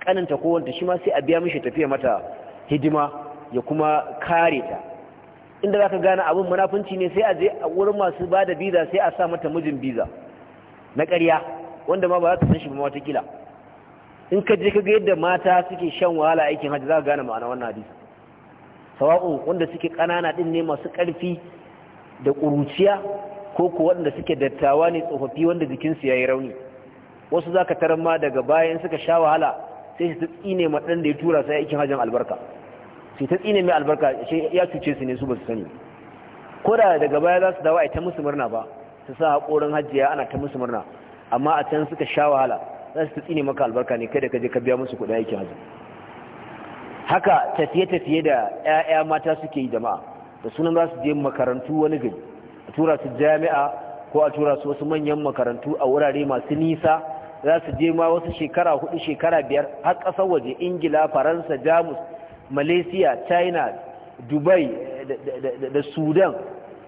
kaninta ko wanta shi ma sai a biya mishi tafiya mata hidima ya kuma kare ta inda za ka gane abin munafunci ne sai a je a wurin masu ba biza sai a sa mata mijin biza na ƙarya wanda ma ba za ta san shi ba watakila in ka je ka ga yadda mata suke shan wahala aikin hajji za ka gane ma'ana wannan hadisi sawa'un wanda suke ƙanana din ne masu ƙarfi da ƙuruciya ko ku waɗanda suke dattawa ne tsofaffi wanda jikinsu ya yi rauni wasu za ka tarar ma daga bayan suka sha wahala sai su tsine ma da ya tura sai aikin hajjan albarka Su ta tsine mai albarka ya cuce su ne su ba su sani ko da daga baya za su dawo a ta musu murna ba su sa haƙorin hajjiya ana ta musu murna amma a can suka sha wahala za su tsine maka albarka ne kai da ka je ka biya musu kuɗin aikin hajji haka tafiye-tafiye da 'ya'ya mata suke yi jama'a da sunan za su je makarantu wani gari a tura su jami'a ko a tura su wasu manyan makarantu a wurare masu nisa za su je ma wasu shekara hudu shekara biyar har kasar waje ingila faransa jamus malaysia china dubai da sudan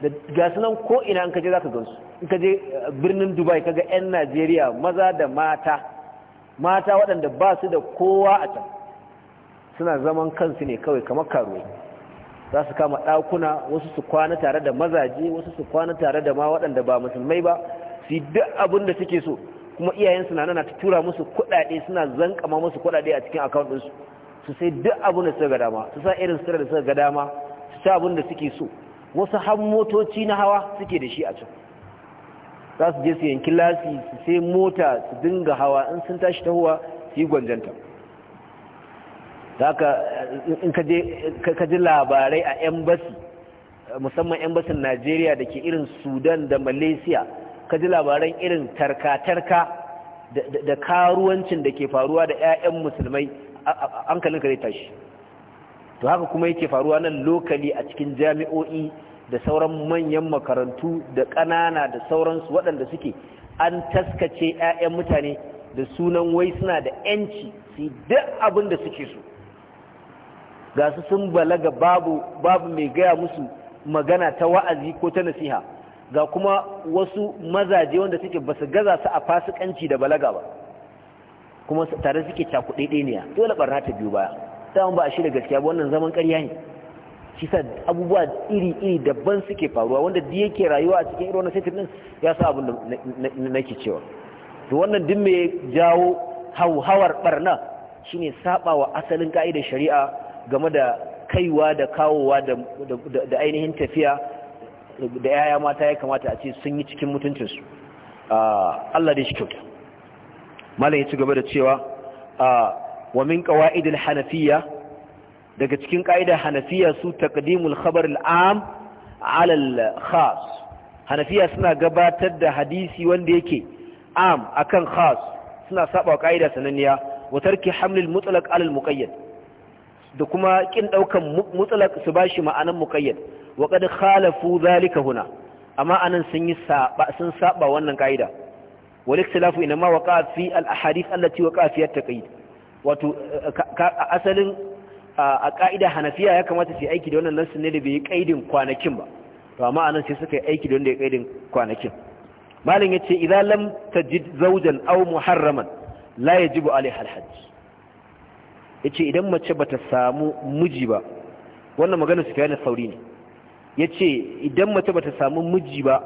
da gasu nan ko'ina an kaje za ka gansu in kaje eh, birnin dubai kaga 'yan najeriya maza da mata mata waɗanda ba su da kowa a can suna zaman kansu ne kawai kamar karuwa za su kama ɗakuna wasu su kwana tare da mazaje wasu su kwana tare da ma waɗanda ba musulmai ba su duk abin da suke so kuma iyayen na nana ta tura musu kuɗaɗe suna zankama musu kuɗaɗe a cikin akawun ɗinsu su sai duk abin da suka ga dama su sa irin sutura da suka ga dama su sa abin da suke so wasu har motoci na hawa suke da shi a can za su je su yankin lasi su sai mota su dinga hawa in sun tashi tahowa su yi gwanjanta haka in ka ji labarai a embassy musamman embassy Najeriya da ke irin Sudan da Malaysia ka ji labaran irin tarka-tarka da karuwancin da ke faruwa da 'ya'yan musulmai an kalin kare tashi to haka kuma yake faruwa nan lokali a cikin jami'o'i da sauran manyan makarantu da ƙanana da sauransu waɗanda suke an taskace 'ya'yan mutane da sunan wai suna da 'yanci su yi duk abin da suke so ga su sun balaga babu babu mai gaya musu magana ta wa'azi ko ta nasiha ga kuma wasu mazaje wanda suke ba su gaza su a fasikanci da balaga ba kuma tare suke cakuɗe ne dole barna ta biyu baya sai ba a shirya gaskiya ba wannan zaman ƙarya ne shi sa abubuwa iri-iri daban suke faruwa wanda duk yake rayuwa a cikin irin wannan setin din ya sa abin da nake cewa to wannan din me jawo hauhawar barna shine saba wa asalin ka'idar shari'a game da kaiwa da kawowa da ainihin tafiya da yaya mata ya kamata a ce sun yi cikin mutuncinsu ah, Allah da shi kyauta malam ya ci gaba da cewa ah, wa min qawaidil hanafiya daga cikin ƙa'idar hanafiya su takadimul khabar al'am alal khas hanafiya suna gabatar da hadisi wanda yake am akan khas suna saba ƙa'ida sananniya wa tarki hamlil mutlaq alal al-muqayyad da kuma kin daukan mutlaq su bashi ma'anan muqayyad wa qad khalafu zalika huna amma anan sun yi saba sun saba wannan kaida wal ikhtilafu inma waqa fi al ahadith allati waqa fi at taqyid wato asalin a kaida hanafiya ya kamata su aiki da wannan nasu ne da bai kaidin kwanakin ba to amma anan sai suka yi aiki da wanda ya kaidin kwanakin malin yace idan lam tajid zawjan aw muharraman la yajibu alaiha al hajj Ya ce, idan mace ba ta samu miji ba wannan magana na sauri ne Ya ce, idan mace ba ta samu miji ba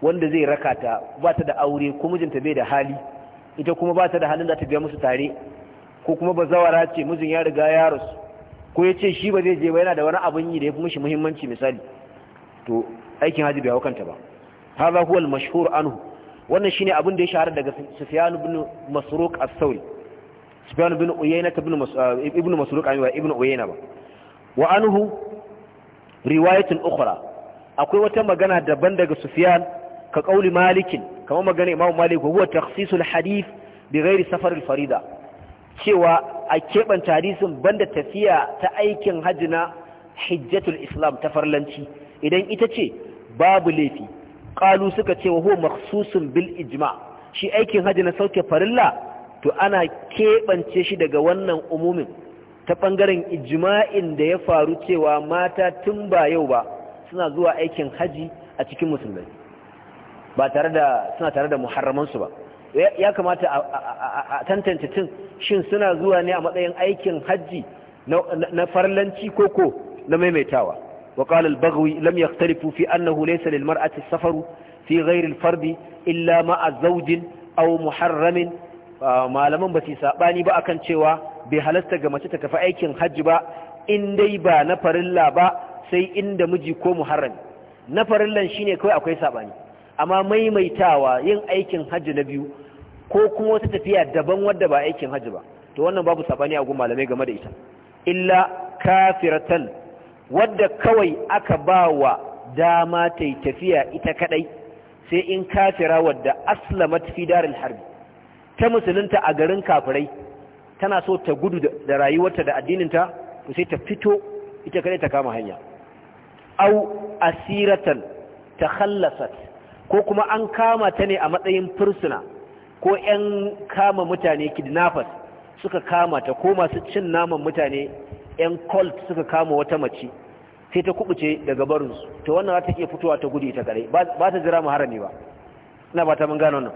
wanda zai raka ta da aure ko mijinta bai da hali ita kuma ba ta da halin da ta biya musu tare ko kuma ba zawara ce mijin ya riga ya rasu ko ya ce shi ba zai je ba yana da wani abin yi da ya fi mishi muhimmanci misali to aikin haji bai hawakanta ba hadha huwa al-mashhur anhu wannan shine abin da ya shahara daga Sufyan ibn Masruq as-Sawri sufyan uh, ibn uyayna ibn masruq wa ibn ba wa anhu riwayatun ukhra akwai wata magana daban daga Sufiyan ka qauli malikin kamar magana imam malik huwa takhsisul hadith bi ghairi safar farida cewa a keɓanta hadisin banda tafiya ta aikin hajji na hijjatul islam ta farlanci idan ita ce babu laifi ƙalu suka ce wa huwa maksusun bil ijma'a, shi aikin hajji na sauke farilla to ana keɓance shi daga wannan umumin ta ɓangaren ijima'in da ya faru cewa mata tun ba yau ba suna zuwa aikin haji a cikin musulmai ba tare da suna tare da muharramansu ba ya kamata a tantance tun shin suna zuwa ne a matsayin aikin haji na farlanci koko na maimaitawa وقال البغوي لم يختلفوا في أنه ليس للمرأة السفر في غير الفرد إلا مع زوج malaman ba su saɓani ba akan cewa bai halasta ga mace ta tafi aikin hajji ba in dai ba na farilla ba sai inda miji ko muharram na farillan shine kawai akwai saɓani amma maimaitawa yin aikin hajji na biyu ko kuma wata tafiya daban wadda ba aikin hajji ba to wannan babu saɓani a gun malamai game da ita illa kafiratan wadda kawai aka ba wa dama ta tafiya ita kadai sai in kafira wadda aslamat fi daril harbi ta musulunta a garin kafirai tana so ta gudu da rayuwarta da addininta to sai ta fito ita kare ta kama hanya au asiratan takhallasat ko kuma an kama ta ne a matsayin fursuna ko 'yan kama mutane kidnappers suka kama ta ko masu cin naman mutane 'yan cult suka kama wata mace sai ta kubuce daga barinsu to wannan za ta iya fitowa ta gudu ita kare ba ta jira mu harami ba ina ba ta mun gano nan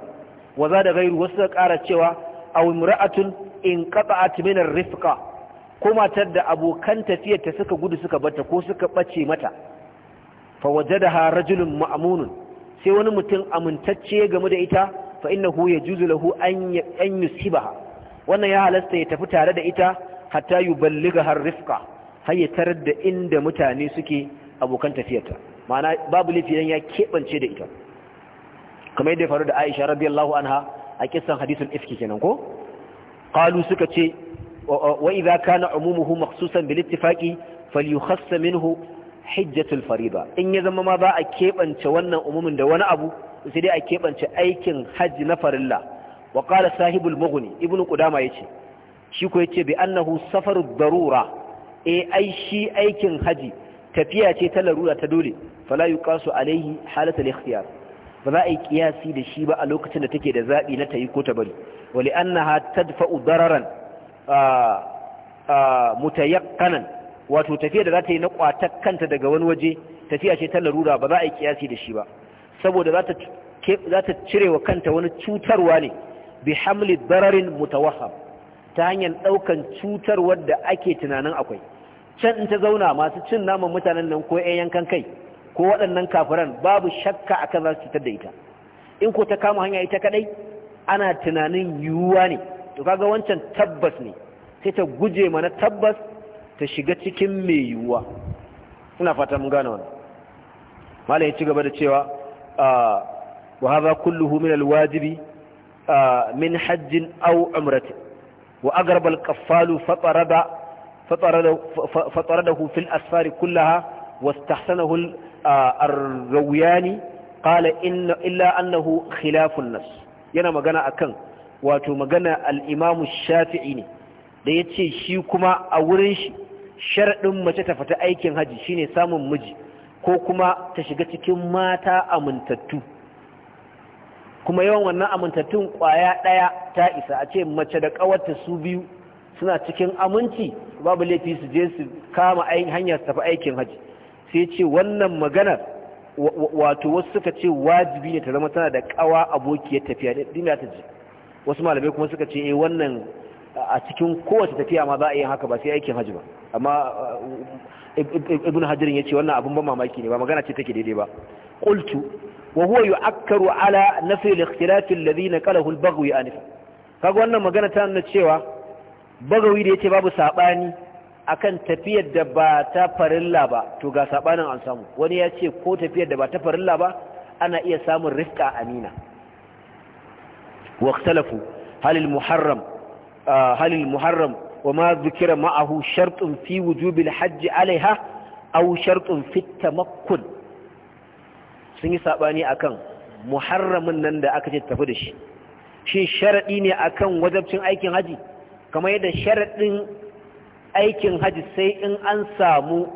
wa da gairu wasu ƙara cewa a imra'atun in qata'at a timinar rifka ko matar da abokan tafiyar ta suka gudu suka bata ko suka ɓace mata fa da harajulun ma'amunun sai wani mutum amintacce game da ita fa ya juzu lahu an yi siba wannan ya halasta ya tafi tare da ita hatta balliga har rifka har ya tarar da inda mutane suke abokan tafiyarta ma'ana babu lafiyan ya keɓance da ita kamar yadda faru da Aisha radiyallahu anha a kissan hadisin iski kenan ko qalu suka ce wa idza kana umumuhu maqsusan bil ittifaqi falyukhass minhu hijjatul fariba in ya zama ma ba a kebance wannan umumin da wani abu sai dai a kebance aikin haji na farilla wa qala sahibul mughni ibnu qudama yace shi ko yace bi annahu safarud darura eh ai shi aikin haji tafiya ce ta larura ta dole fala yuqasu alaihi halatul ikhtiyar ba za a yi kiyasi da shi ba a lokacin da take da zaɓi na tayi ko ta bari wali annaha tadfa'u dararan mutayakkanan wato tafiya da za ta yi na kwatar kanta daga wani waje tafiya ce ta larura ba za a yi kiyasi da shi ba saboda za ta cire wa kanta wani cutarwa ne bi hamli dararin mutawahham ta hanyar ɗaukan cutarwar da ake tunanin akwai can in ta zauna masu cin naman mutanen nan ko 'yan yankan kai ko waɗannan kafiran babu shakka akan za su cutar da ita in ko ta kama hanya ita kadai ana tunanin yiwuwa ne to kaga wancan tabbas ne sai ta guje mana tabbas ta shiga cikin mai yiwuwa ina fata mun gane wannan malam ya ci gaba da cewa ah, wa hadha kulluhu min alwajibi ah, min hajjin aw umratin wa agrab alqaffalu fatarada fatarada fataradahu fil asfar kullaha واستحسنه ar-rawiyani qala inna illa annahu khilafun nas yana magana akan wato magana al-imam shafi'i ne da yace shi kuma a wurin shi sharadin mace ta fita aikin haji shine samun miji ko kuma ta shiga cikin mata amintattu kuma yawan wannan amintattun kwaya ɗaya ta isa a ce mace da ƙawarta su biyu suna cikin aminci babu laifi su je su kama hanyar su tafi aikin haji. sai ce wannan maganar wato wasu suka ce wajibi ne ta zama tana da kawa abokiyar tafiya ne din ya taji wasu malamai kuma suka ce eh wannan a cikin kowace tafiya ma za a yi haka ba sai aikin hajji ba amma uh, ibn hajarin ya ce wannan abin ban mamaki ne ba magana ce take daidai ba qultu wa huwa yu'akkaru ala nafi al-ikhtilaf alladhi naqalahu al-baghawi anifa kaga wannan magana ta nuna cewa bagawi da yace babu sabani akan tafiyar da ba ta farilla ba to ga sabanin an samu wani ya ce ko tafiyar da ba ta farilla ba ana iya samun rifka amina waqtalafu halil muharram halil muharram wama dhukira ma'ahu shartun fi wujubil hajj alaiha aw shartun fi tamakkun sun yi sabani akan muharramin nan da aka ce tafi da shi shin sharadi ne akan wajabcin aikin haji kamar yadda sharadin aikin hajji sai in an samu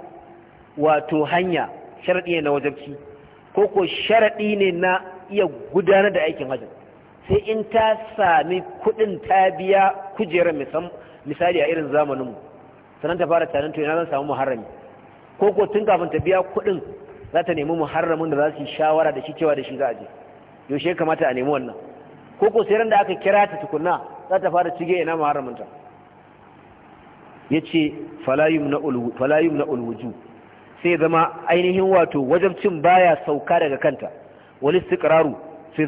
wato hanya sharaɗi ne na wajabci ko ko sharaɗi ne na iya gudanar da aikin hajji sai in ta sami kuɗin ta biya kujerar misali a irin zamaninmu sannan ta fara tanin yana zan samu muharrami ko ko tun kafin ta biya kuɗin za ta nemi muharramin da za su yi shawara da shi cewa da shi za a je yaushe kamata a nemi wannan ko ko sai ran da aka kira ta tukunna za ta fara cige ina muharraminta ya ce falayum na ulwuju sai zama ainihin wato wajabcin baya sauka daga kanta wani sikararu fi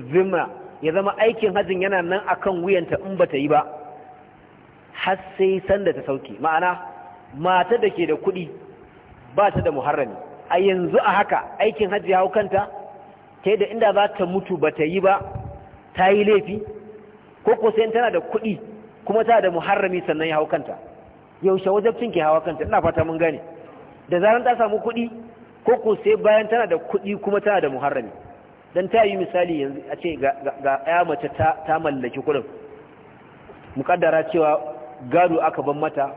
ya zama aikin hajjin yana nan akan wuyanta in ba ta yi ba har sai sanda ta sauke ma'ana mata da ke da kuɗi ba ta da muharrami a yanzu a haka aikin hajji hau kanta ta da inda za ta mutu ba ta yi ba ta yi laifi ko ko sai tana da kuɗi kuma ta da muharrami sannan ya hau kanta yaushe wajabcin ke hawa kanta ina fata mun gane da zaran ta samu kuɗi ko ko sai bayan tana da kuɗi kuma tana da muharrami dan ta yi misali yanzu a ce ga ya mace ta mallaki kuɗin mukaddara cewa gado aka ban mata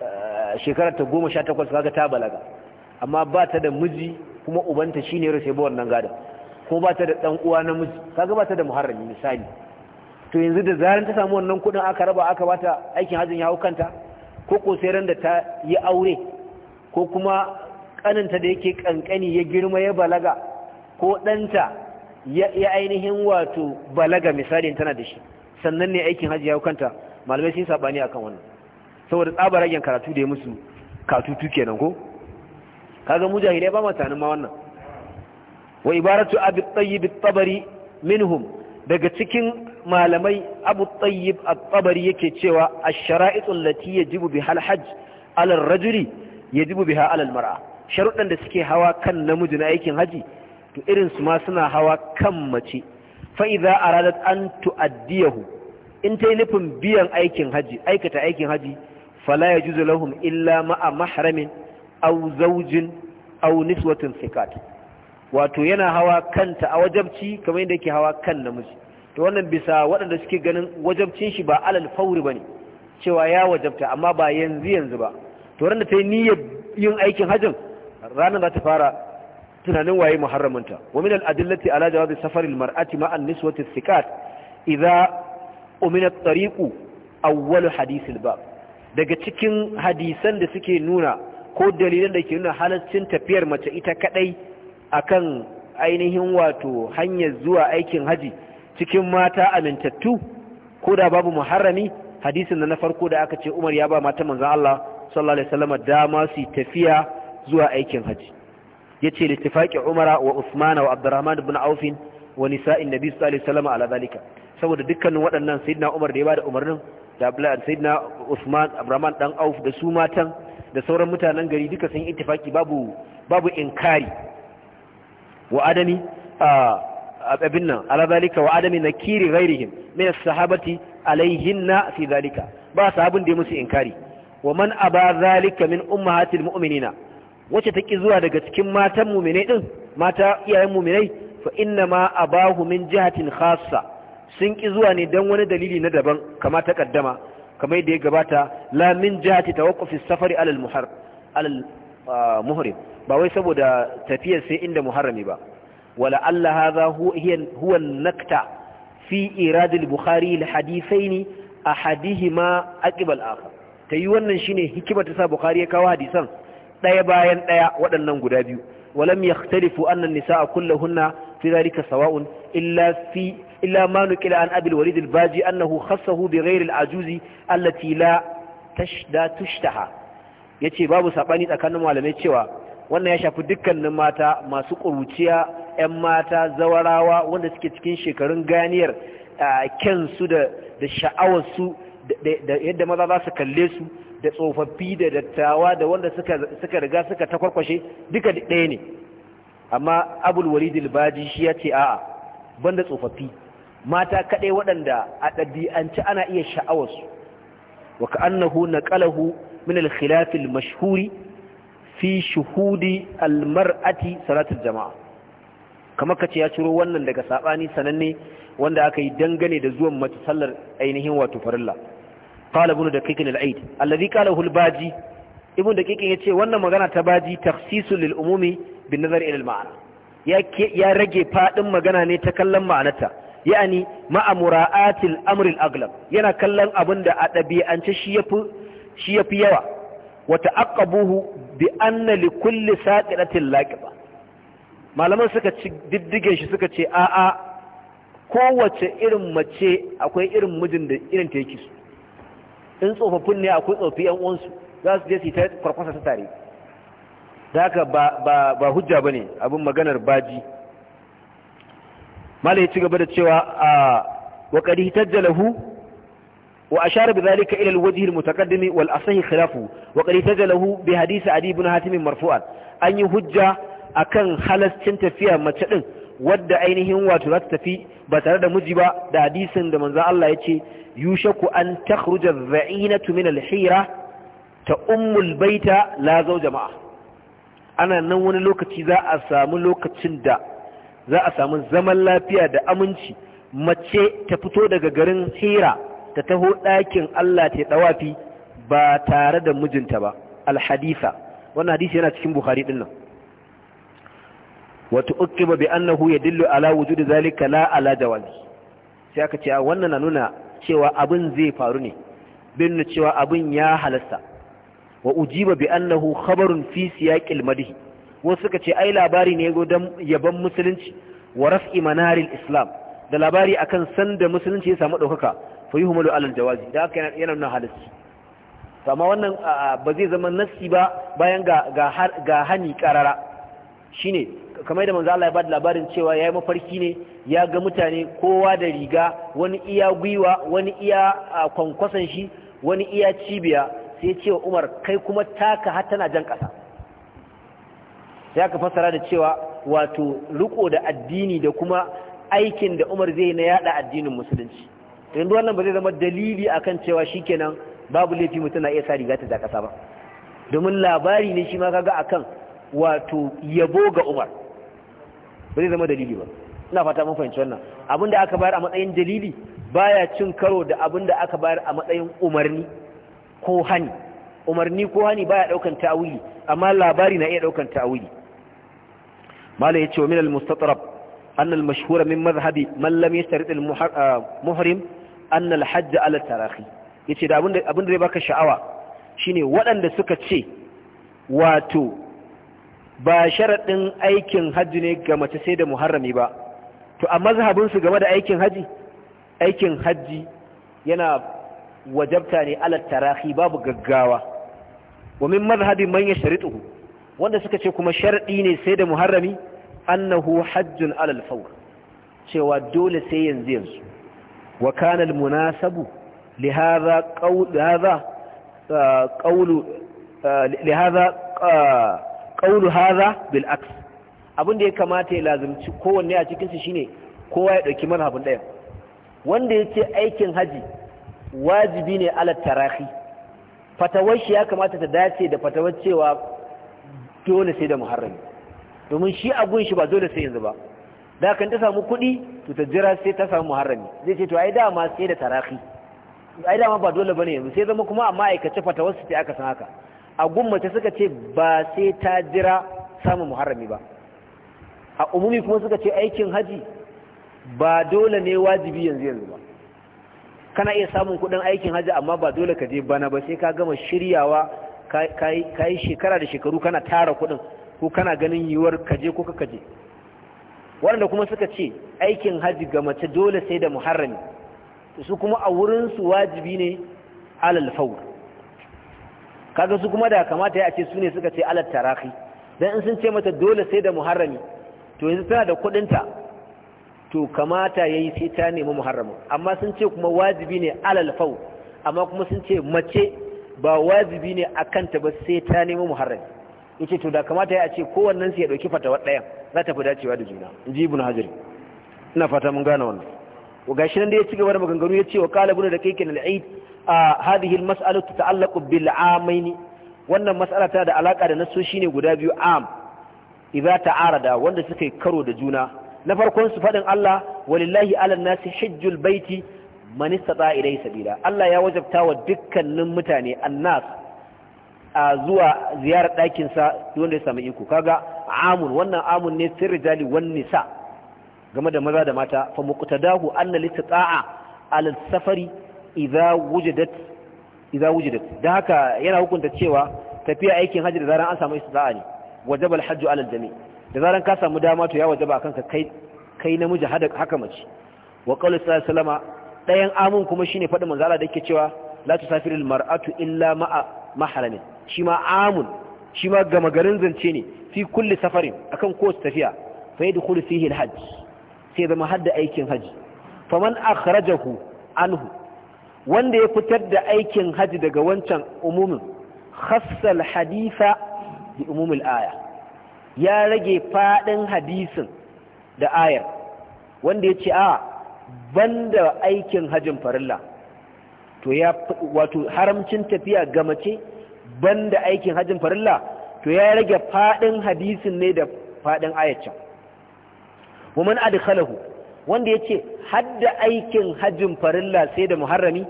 eh, shekarar ta goma sha takwas kaga ta balaga amma ba ta da miji kuma ubanta shine rufe ba wannan gadon ko ba ta da ɗan uwa na miji kaga ba ta da muharrami misali to yanzu da zaran ta samu wannan kuɗin aka raba aka bata aikin hajjin ya hau kanta ko ko sai ran da ta yi aure ko kuma ƙaninta da yake ƙanƙani ya girma ya balaga ko ɗanta ya ainihin wato balaga misali tana da shi sannan ne aikin hajji kanta malamai sun saɓani akan wannan saboda tsabar ragen karatu da ya musu katutu kenan ko kaga mujahidai ba matanin ma wannan wa ibaratu abi tayyib at-tabari minhum daga cikin malamai abu tsayyib a tsabari yake cewa a shara'itun lati ya jibu bi halhaj alal rajuli ya jibu bi alal mara sharuɗan da suke hawa kan namiji na aikin haji to irin su ma suna hawa kan mace fa'iza a ranar an tu'addiyahu in ta yi nufin biyan aikin haji aikata aikin haji fala ya juzo lahum illa ma'a mahramin au zaujin au niswatin sikat wato yana hawa kanta a wajabci kamar yadda yake hawa kan namiji to wannan bisa waɗanda suke ganin wajabcin shi ba alal fauri ne cewa ya wajabta amma ba yanzu yanzu ba to wanda ta yi niyyar yin aikin hajjin ranar za ta fara tunanin waye muharraminta wa min al-adillati ala jawazi safar al-mar'ati ma an-niswati thiqat idza umina at-tariqu awwal hadith al-bab daga cikin hadisan da suke nuna ko dalilan da ke nuna halaccin tafiyar mace ita kadai akan ainihin wato hanyar zuwa aikin hajji. cikin mata amintattu ko da babu muharrami hadisin da na farko da aka ce Umar ya ba mata manzon Allah sallallahu alaihi wasallam dama su tafiya zuwa aikin haji yace littifaqi Umara wa Uthman wa Abdurrahman ibn Auf wa nisa'in nabi sallallahu alaihi wasallam ala zalika saboda dukkanin waɗannan sayyidina Umar da ya bada umarnin da Abdullah sayyidina Uthman Abdurrahman dan Auf da su matan da sauran mutanen gari duka sun ittifaki babu babu inkari wa adami a abin nan ala zalika wa adami nakiri ghairihim min sahabati alaihinna fi zalika ba sahabin da ya musu inkari wa man aba zalika min ummahatil mu'minina wace ta ki zuwa daga cikin matan mu'minai din mata iyayen mu'minai fa inna ma abahu min jihatin khassa sun ki zuwa ne dan wani dalili na daban kama ta kaddama kamar da ya gabata la min jihati tawaqqufi safari alal muhar alal ah, muhrim ba wai saboda tafiyar sai inda muharrami ba wala Allah hadha huwa an-nakta fi irad al-bukhari al-hadithain ahadihima aqib wannan shine hikimar ta sa bukhari ya kawo hadisan ɗaya bayan ɗaya waɗannan guda biyu ولم يختلفوا أن النساء كلهن في ذلك سواء إلا, في إلا ما نكل عن أبي الوليد الباجي أنه خصه بغير العجوز التي لا تشدى تشتهى yace babu saɓani tsakanin malamai cewa wannan ya shafi dukkanin mata masu ƙuruciya 'yan mata zawarawa wanda suke cikin shekarun ganiyar kyansu da sha'awarsu da yadda maza za su kalle su da tsofaffi da dattawa da wanda suka riga suka takwarkwashe duka ɗaya ne amma abul walidil baji shi ya ce a'a banda tsofaffi mata kaɗai waɗanda a ɗabi'anci ana iya sha'awarsu wa ka'annahu naqalahu min al-khilaf mashhuri fi shuhudi al-mar'ati salatul jama'a kamar ce ya ciro wannan daga saɓani sananne wanda aka yi dangane da zuwan mace sallar ainihin wato farilla qala ibn daqiq al-aid alladhi qalahu al-baji ibn ya yace wannan magana ta baji tafsisu lil umumi bin nazar ila maana ya rage faɗin magana ne ta kallon ma'anarta yani ma'a mura'atil amri al yana kallon da a ɗabi'ance shi ya fi yawa Wata akabuhu bi anna li kulli saqidatin laqiba malaman suka ci diddige shi suka ce a'a kowace irin mace akwai irin mijin da irin ta yake su in tsofaffin ne akwai tsofi yan uwansu za su je su ta kwarkwasa ta tare da haka ba hujja ba ne abin maganar baji mala ya ci gaba da cewa a wa hitajja lahu wa ashara bi zalika ila alwajhi almutaqaddimi wal asahi khilafu wa qad tajalahu bi hadith adi ibn hatim marfu'an an yi hujja akan halascin tafiya mace ɗin wadda ainihin wato za ta tafi ba tare da miji ba da hadisin da manzo Allah ya ce yushaku an takhruja za'inatu min al-hira ta ummul baita la jama'a ana nan wani lokaci za a samu lokacin da za a samu zaman lafiya da aminci mace ta fito daga garin hira ta taho ɗakin Allah ta dawafi ba tare da mijinta ba al hadisa wannan hadisi yana cikin bukhari din nan wata ukiba bi annahu ya dillo ala wujudu zalika la ala jawazi sai aka ce wannan na nuna cewa abin zai faru ne bin cewa abin ya halasta wa ujiba bi annahu khabarun fi siyaqil madhi wasu suka ce ai labari ne go dan yaban musulunci wa raf'i manaril islam da labari akan sanda musulunci ya samu daukaka fa yuhmalu ala jawazi da haka yana nuna halasta amma wannan ba zai zama nassi ba bayan ga ga hani karara shine kamar da manzo Allah ya bada labarin cewa yayi mafarki ne ya ga mutane kowa da riga wani iya gwiwa wani iya kwankwasan shi wani iya cibiya sai ce wa Umar kai kuma taka har tana jan kasa sai aka fassara da cewa wato riko da addini da kuma aikin da Umar zai na yada addinin musulunci to yanzu wannan ba zai zama dalili akan cewa shikenan babu laifi mutum na iya sa riga ta da kasa ba domin labari ne shi ma kaga akan wato yabo ga Umar ba zai zama dalili ba ina fata mun fahimci wannan abin da aka bayar a matsayin dalili baya cin karo da abin da aka bayar a matsayin umarni ko hani umarni ko hani baya daukan ta'awili amma labari na iya daukan ta'awili malai yace min al-mustatrab anna al-mashhura min madhhabi man lam al-muhrim ah, anna al-hajj ala tarahi yace da abin da ya zai baka sha'awa shine waɗanda suka ce wato ba sharaɗin aikin hajji ne ga mace sai da muharrami ba to a mazhabinsu game da aikin hajji aikin hajji yana wajabta ne ala tarahi babu gaggawa wa min mazhabi man yashrituhu wanda suka ce kuma sharaɗi ne sai da muharrami annahu hajjin ala al cewa dole sai yanzu yanzu wa kana al-munasabu li hadha qawl hadha ah, qawlu ah, li ah, qawlu hadha bil aks abin da ya kamata ya lazumci kowanne a cikin su shine kowa ya dauki mazhabin ɗaya wanda ce aikin haji wajibi ne ala tarahi fatawar shi ya kamata ta dace da fatawar cewa dole sai da muharrami domin shi a gun shi ba dole sai yanzu ba da kan ta samu kuɗi to ta jira sai ta samu muharrami zai ce to ai dama sai da tarahi ai dama ba dole bane yanzu sai zama kuma a ma'aikace fatawar su ta aka san haka a gummace suka ce ba sai ta jira samun muharrami ba a umumi kuma suka ce aikin haji ba dole ne wajibi yanzu yanzu ba kana iya samun kuɗin aikin haji amma ba dole ka je bana ba sai ka gama shiryawa ka yi shekara da shekaru kana tara kuɗin, ko kana ganin yiwuwar kaje ko ka je waɗanda kuma suka ce aikin haji ga mace dole sai da muharrami su kuma a wurinsu wajibi ne alal fawr kaga su kuma da kamata ya ce su ne suka ce alat tarahi dan in sun ce mata dole sai da muharrami to yanzu tana da ta to kamata yayi sai ta nemi muharrami amma sun ce kuma wajibi ne alal fau amma kuma sun ce mace ba wajibi ne akan ta ba sai ta nemi muharrami yace to da kamata ya ce kowannen sai ya dauki fatawa daya za ta fi dacewa da juna inji ibn hajar ina fata mun gane wannan gashi nan da ya ci gaba da maganganu ya ce wa kala bunu da kaikin al'aid هذه المسألة تتعلق بالعامين wannan mas'ala ta da alaka da shi ne guda biyu am idza ta'arada wanda suka yi karo da juna na farkon su faɗin Allah walillahi ala nasi hijjul baiti man istata ilay sabila Allah ya wajabta wa dukkanin mutane annas a zuwa ziyarar ɗakinsa sa wanda ya samu iko kaga amun wannan amun ne sir rijali wani sa. game da maza da mata fa muqtadahu anna litata'a ala safari idza wujidat idza haka yana hukunta cewa tafiya aikin hajji da zaran an samu istida'a ne wajaba al-hajju 'ala al da zaran ka samu dama to ya wajaba akan ka kai kai namiji haka mace wa qala sallallahu dayan amun kuma shine fadin manzo Allah da yake cewa la tusafirul mar'atu illa ma'a mahramin shi ma amun shi ma gama garin zance ne fi kulli safarin akan kowace tafiya fa yadkhulu fihi al sai zama hadda aikin hajji faman akhrajahu anhu wanda ya fitar da aikin haji daga wancan umumin khassal haditha bi umumil aya ya rage fadin hadisin da ayar wanda ya ce a banda aikin hajin farilla to ya wato haramcin tafiya ga mace banda aikin hajin farilla to ya rage fadin hadisin ne da fadin ayacin wa man adkhalahu wanda yace hadda aikin hajin farilla sai da muharrami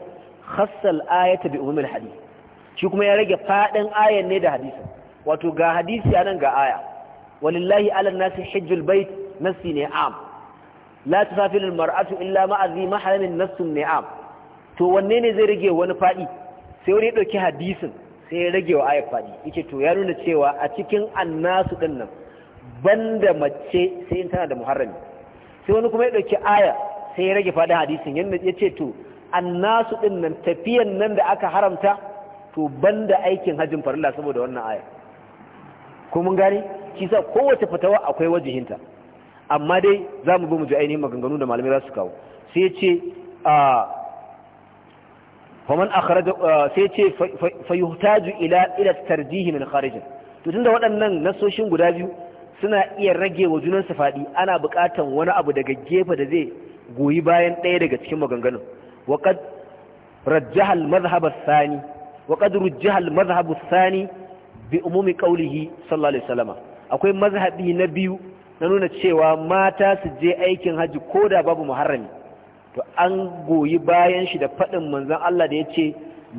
khassal ayata bi umumil hadith shi kuma ya rage fadin ayan ne da hadisi wato ga hadisi anan ga aya walillahi ala nasi hajjul bait nasi ne am la tusafilu mar'atu illa ma'a zi mahramin nasu ne to wanne ne zai rage wani fadi sai wani ya dauki hadisin sai ya rage wa ayat fadi yake to ya nuna cewa a cikin annasu dinnan banda mace sai tana da muharrami sai wani kuma ya dauki aya sai ya rage fadin hadisin yanda yace to annasu din nan tafiyan nan da aka haramta to banda aikin hajjin farilla saboda wannan aya ko mun gane shi sa kowace fatawa akwai wajihinta amma dai za mu bi mu ji ainihin maganganu da malamai za su kawo sai ce a faman sai ce fa yuhtaju ila ila tarjih min kharij to tunda waɗannan nasoshin guda biyu suna iya rage wa junan su fadi ana buƙatan wani abu daga gefe da zai goyi bayan ɗaya daga cikin maganganun وقد رجح المذهب الثاني وقد رجح المذهب الثاني بأموم قوله صلى akwai mazhabi na biyu na nuna cewa mata su je aikin haji ko da babu muharrami to an goyi bayan shi da faɗin manzon Allah da ya ce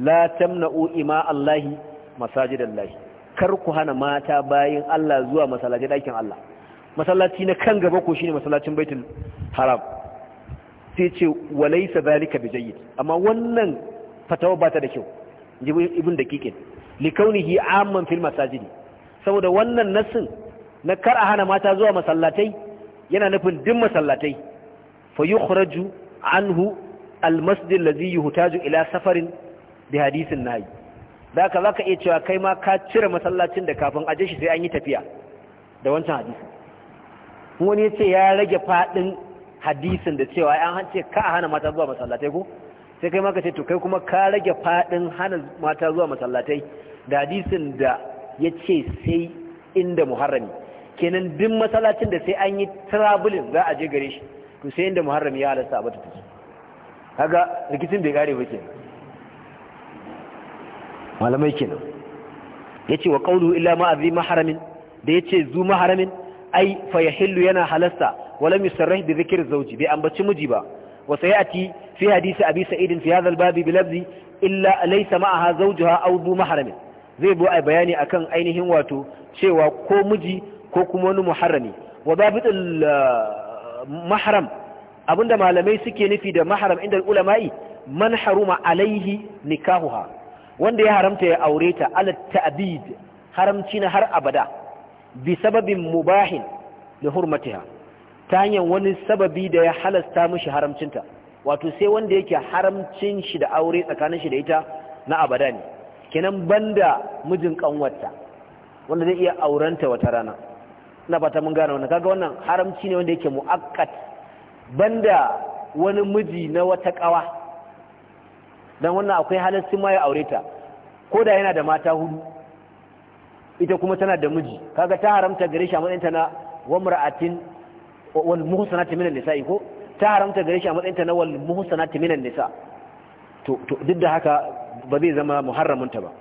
la tamna'u ima Allahi masajidallahi kar ku hana mata bayan Allah zuwa masallaci dakin Allah masallaci na kan gaba ko shine masallacin baitul haram sai ce walaysa zalika jayyid amma wannan fatawa ba ta da kyau ibn dakikin likaunihi amman fil masajidi saboda wannan nasin na kar a hana mata zuwa masallatai yana nufin din masallatai fa yukhraju anhu al masjid allazi yuhtaju ila safarin bi hadisin nayi da ka zaka iya cewa kai ma ka cire masallacin da kafin aje shi sai an yi tafiya da wancan hadisi wani ya ce ya rage fadin hadisin da cewa an ce ka hana mata zuwa masallatai ko sai kai maka ce to kai kuma ka rage fadin hana mata zuwa masallatai da hadisin da ya ce sai inda muharrami kenan duk masallacin da sai an yi traveling za a je gare shi to sai inda muharrami ya halasta a bata tafi kaga rikicin bai gare ba ke malamai kenan yace wa qawlu illa ma azi maharamin da yace zu maharamin ai fa yahillu yana halasta ولم يسرح بذكر الزوج بأنبت مجيبا وسيأتي في حديث أبي سعيد في هذا الباب بلفظ إلا ليس معها زوجها أو ذو محرم zai bu a bayani akan ainihin wato cewa ko miji ko kuma wani muharrami wa babitul abinda malamai suke nufi da maharam inda ulama'i man haruma alaihi nikahuha wanda ya haramta ya aure ta ala ta'bid haramci na har abada bi sababin mubahin li hurmatiha ta hanyar wani sababi da ya halasta mishi haramcinta wato sai wanda yake haramcin shi da aure tsakanin shi da ita na abada ne kenan banda mijin kanwarta wanda zai iya aurenta wata rana ina fata mun gane wannan kaga wannan haramci ne wanda yake mu'akkat banda wani miji na wata kawa dan wannan akwai halarci ma ya aure ta ko da yana da mata hudu ita kuma tana da miji kaga ta haramta gare shi ta ta na mar'atin wal muhsanati minan nisa ko ta haramta gare shi a matsayin ta na wal muhsanati minan nisa to duk da haka ba zai zama muharramin ta ba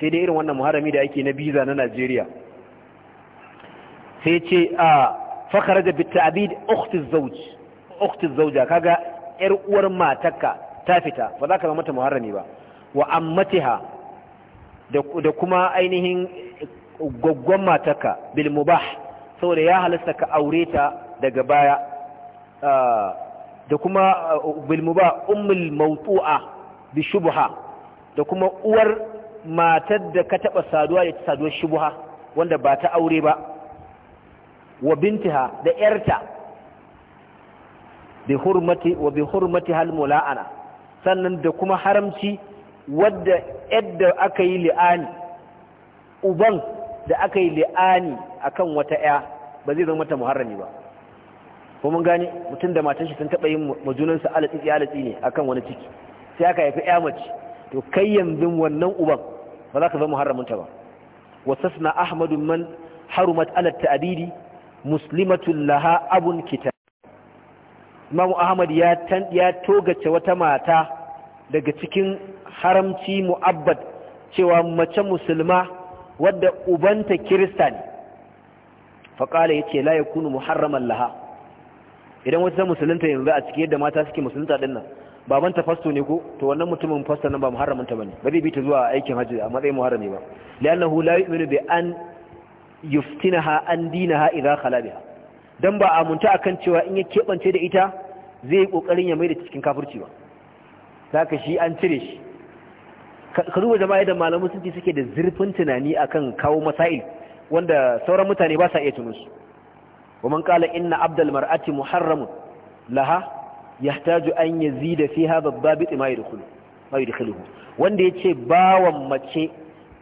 sai dai irin wannan muharrami da ake na biza na Najeriya sai ce a fakar da bitabid ukhti zawj ukhti zawja kaga yar uwar matarka ta fita ba za ka zama mata muharrami ba wa ammatiha da kuma ainihin gwaggon matarka bil mubah saboda ya halasta ka aure ta daga baya da kuma bilmuba ummul mawtu'a bi shubha da kuma uwar matar da ka taba saduwa da saduwar shubha wanda ba ta aure ba wa bintiha da yarta bi hurmati wa bi hurmati hal mula'ana sannan da kuma haramci wadda yadda aka yi li'ani uban da aka yi li'ani akan wata ya ba zai zama mata muharrami ba ko mun gane mutum da matan shi sun taɓa yin majunansa alatsi alatsi ne akan wani ciki sai aka haifi ya mace to kai yanzu wannan uban ba za ka zama haramunta ba wasasna ahmadu man harumat ala ta'didi muslimatul laha abun kita imamu ahmad ya tan ya togace wata mata daga cikin haramci mu'abbad cewa mace musulma wadda ubanta kirista ne faqala yace la yakunu muharraman laha idan wata musulunta yanzu a cikin yadda mata suke musulunta din nan ban ta fasto ne ko to wannan mutumin fasto nan ba muharramin ta bane ba zai bi ta zuwa aikin hajji a matsayin muharrami ba li'annahu la yu'minu bi an yuftinaha an dinaha idza khala biha dan ba a amunta akan cewa in ya kebance da ita zai kokarin ya maida cikin kafirci ba zaka shi an cire shi ka duba jama'a da malamu sun ci suke da zurfin tunani akan kawo masail wanda sauran mutane ba sa iya tunusu ومن قال إن عبد المرأة Laha? لها يحتاج أن يزيد في هذا الضابط ما يدخله ما يدخله wanda ya ce bawan mace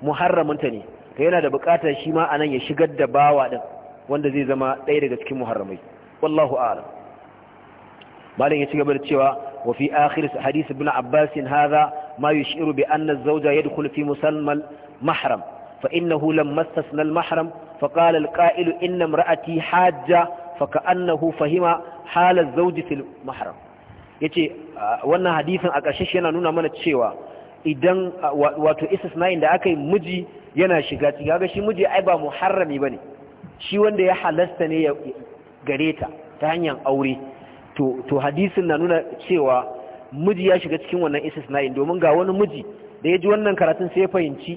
muharraminta ne to yana da bukatar shi ma a nan ya shigar da bawa din wanda zai zama ɗaya daga cikin muharramai wallahu a'lam malam ya ci gaba da cewa wa fi akhir hadith ibn abbas hadha ma yushiru bi anna az-zawja yadkhulu fi musalmal mahram فإنه لما استثنى المحرم فقال القائل إن امرأتي حاجة فكأنه فهم حال الزوج في المحرم yace ah, wannan hadisin a ƙarshe yana nuna mana cewa idan ah, wato istisna'in da aka yi miji yana shiga ciki ga shi miji ai ba muharrami bane shi wanda ya halasta ne ya gare ta ta hanyar aure to to hadisin na nuna cewa miji ya shiga cikin wannan istisna'in domin ga wani miji da ya ji wannan karatun sai ya fahimci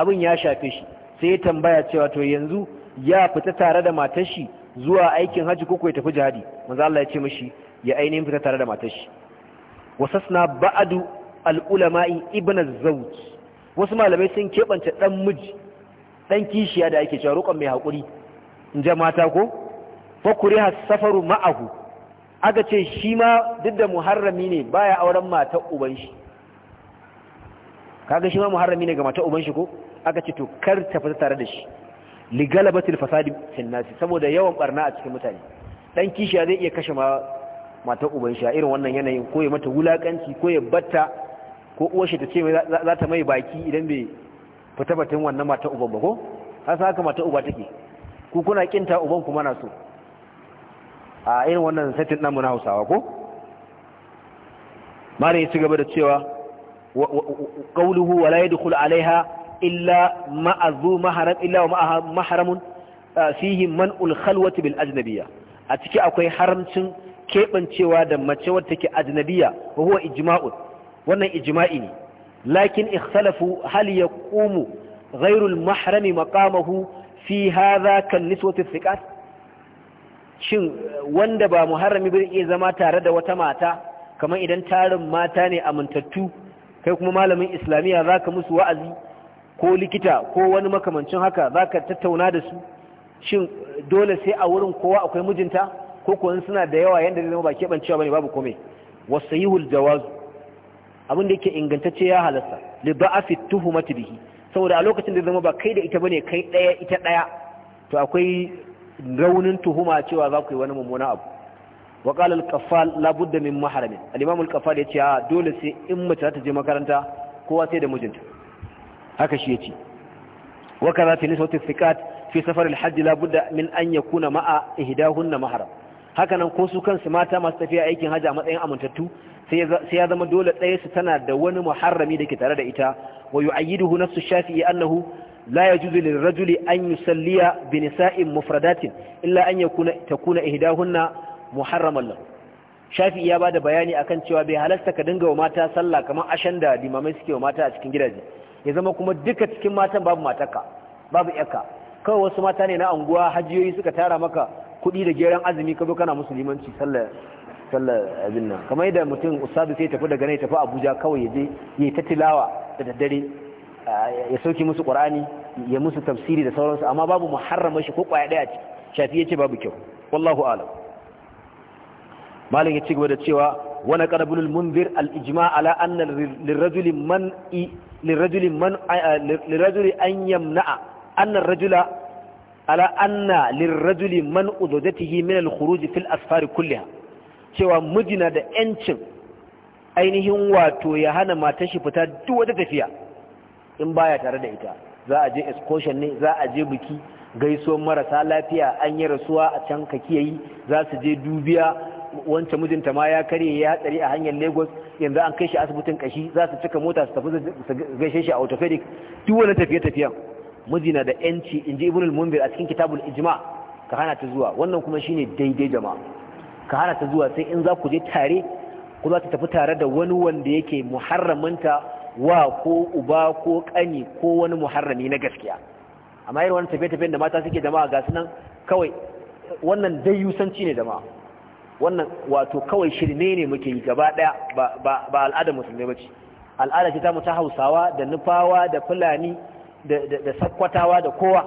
abin ya shafe shi sai ya tambaya cewa to yanzu ya fita tare da matar shi zuwa aikin haji ko ya tafi jihadi manzo Allah ya ce mishi ya ainihin fita tare da matar shi wasasna ba'du al-ulama'i ibn az wasu malamai sun keɓance dan miji dan kishiya da ake cewa roƙon mai hakuri in ja mata ko fa kuriha safaru ma'ahu aka ce shi ma duk da muharrami ne baya auren matar uban shi kaga shi ma muharrami ne ga matar uban shi ko aka ce to kar ta fita tare da shi li galabatil fasadi fil nasi saboda yawan barna a cikin mutane dan kishiya zai iya kashe ma mata uban shi irin wannan yanayin ko ya mata wulakanci ko ya batta ko uwar shi ta ce za ta mai baki idan bai fita batun wannan mata uban ba ko har haka mata uba take ku kuna kinta uban ku mana so a irin wannan satin namu na Hausawa ko mare ya ci gaba da cewa qawluhu wala yadkhulu alaiha illa ma'azu maharam illa wa maharamun fihi man'ul khalwati bil ajnabiyya a ciki akwai haramcin keɓancewa da mace wadda take ajnabiyya wa huwa wannan ijima'i ne lakin ikhtalafu hal yaqumu ghayrul mahrami maqamahu fi hadha kan niswati thiqat shin wanda ba muharrami bai iya zama tare da wata mata kamar idan tarin mata ne amintattu kai kuma malamin islamiya zaka musu wa'azi ko likita ko wani makamancin haka za ka tattauna da su shin dole sai a wurin kowa akwai mijinta ko kuwa suna da yawa yadda zai zama ba keɓancewa cewa ne babu komai wasu yi huljawazu abin da yake ingantacce ya halasta li ba a bihi saboda a lokacin da zama ba kai da ita bane kai daya ita daya to akwai raunin tuhuma cewa za ku yi wani mummuna abu wa qala al-qaffal la budda min mahramin al-imam al-qaffal yace dole sai in mace ta je makaranta kowa sai da mijinta haka shi yace wa kaza fi nisbatu sikat fi safar al-hajj min an yakuna ma'a ihdahunna mahram haka nan ko su kansu mata masu tafiya aikin hajji a matsayin amintattu sai ya zama dole ɗaya su tana da wani muharrami da ke tare da ita wa yu'ayyiduhu nafsu iya annahu la yajuzu lirrajuli an salliya bi nisa'in mufradatin illa an ta kuna ihdahunna muharraman lahu shafi ya bada bayani akan cewa bai halarta ka dinga wa mata sallah kamar ashan da limamai suke wa mata a cikin gidaje ya zama kuma duka cikin matan babu mataka babu yaka kawai wasu mata ne na anguwa hajiyoyi suka tara maka kuɗi da geran azumi ka kana musulmanci sallah sallar abin nan kamar yadda mutum ustadu sai tafi daga nan tafi abuja kawai ya je ya ta tilawa da daddare ya sauki musu qur'ani ya musu tafsiri da sauransu amma babu muharrama shi ko kwaya daya ce shafi yace babu kyau wallahu a'lam malam ya ci gaba da cewa wani ƙarabin munzir al'ijima ala anna lirrajuli an yamna'a annan rajula ala anna man uzojatihi min al khuruj fil asfari kulliha cewa mijina da ‘yancin ainihin wato ya hana shi fita duk wata tafiya in baya tare da ita za a je excursion ne za a je biki gaiso marasa lafiya an yi rasuwa a can ka za su je dubiya wance mijinta ma ya karye ya hatsari a hanyar Lagos yanzu an kai shi asibitin kashi za su cika mota su tafi su gaishe shi a orthopedic duk wani tafiye tafiya miji da yanci inji Ibn al-Munzir a cikin kitabul ijma ka hana ta zuwa wannan kuma shine daidai jama'a ka hana ta zuwa sai in za ku je tare ku za ta tafi tare da wani wanda yake muharramanta wa ko uba ko kani ko wani muharrami na gaskiya amma irin wani tafiye-tafiyen da mata suke jama'a ga su nan kawai wannan dai yusanci ne jama'a wannan wato kawai shirme ne muke yi gaba daya ba al'adar musulmai ba ce al'ada ce ta mu ta hausawa da nufawa da fulani da sakkwatawa da kowa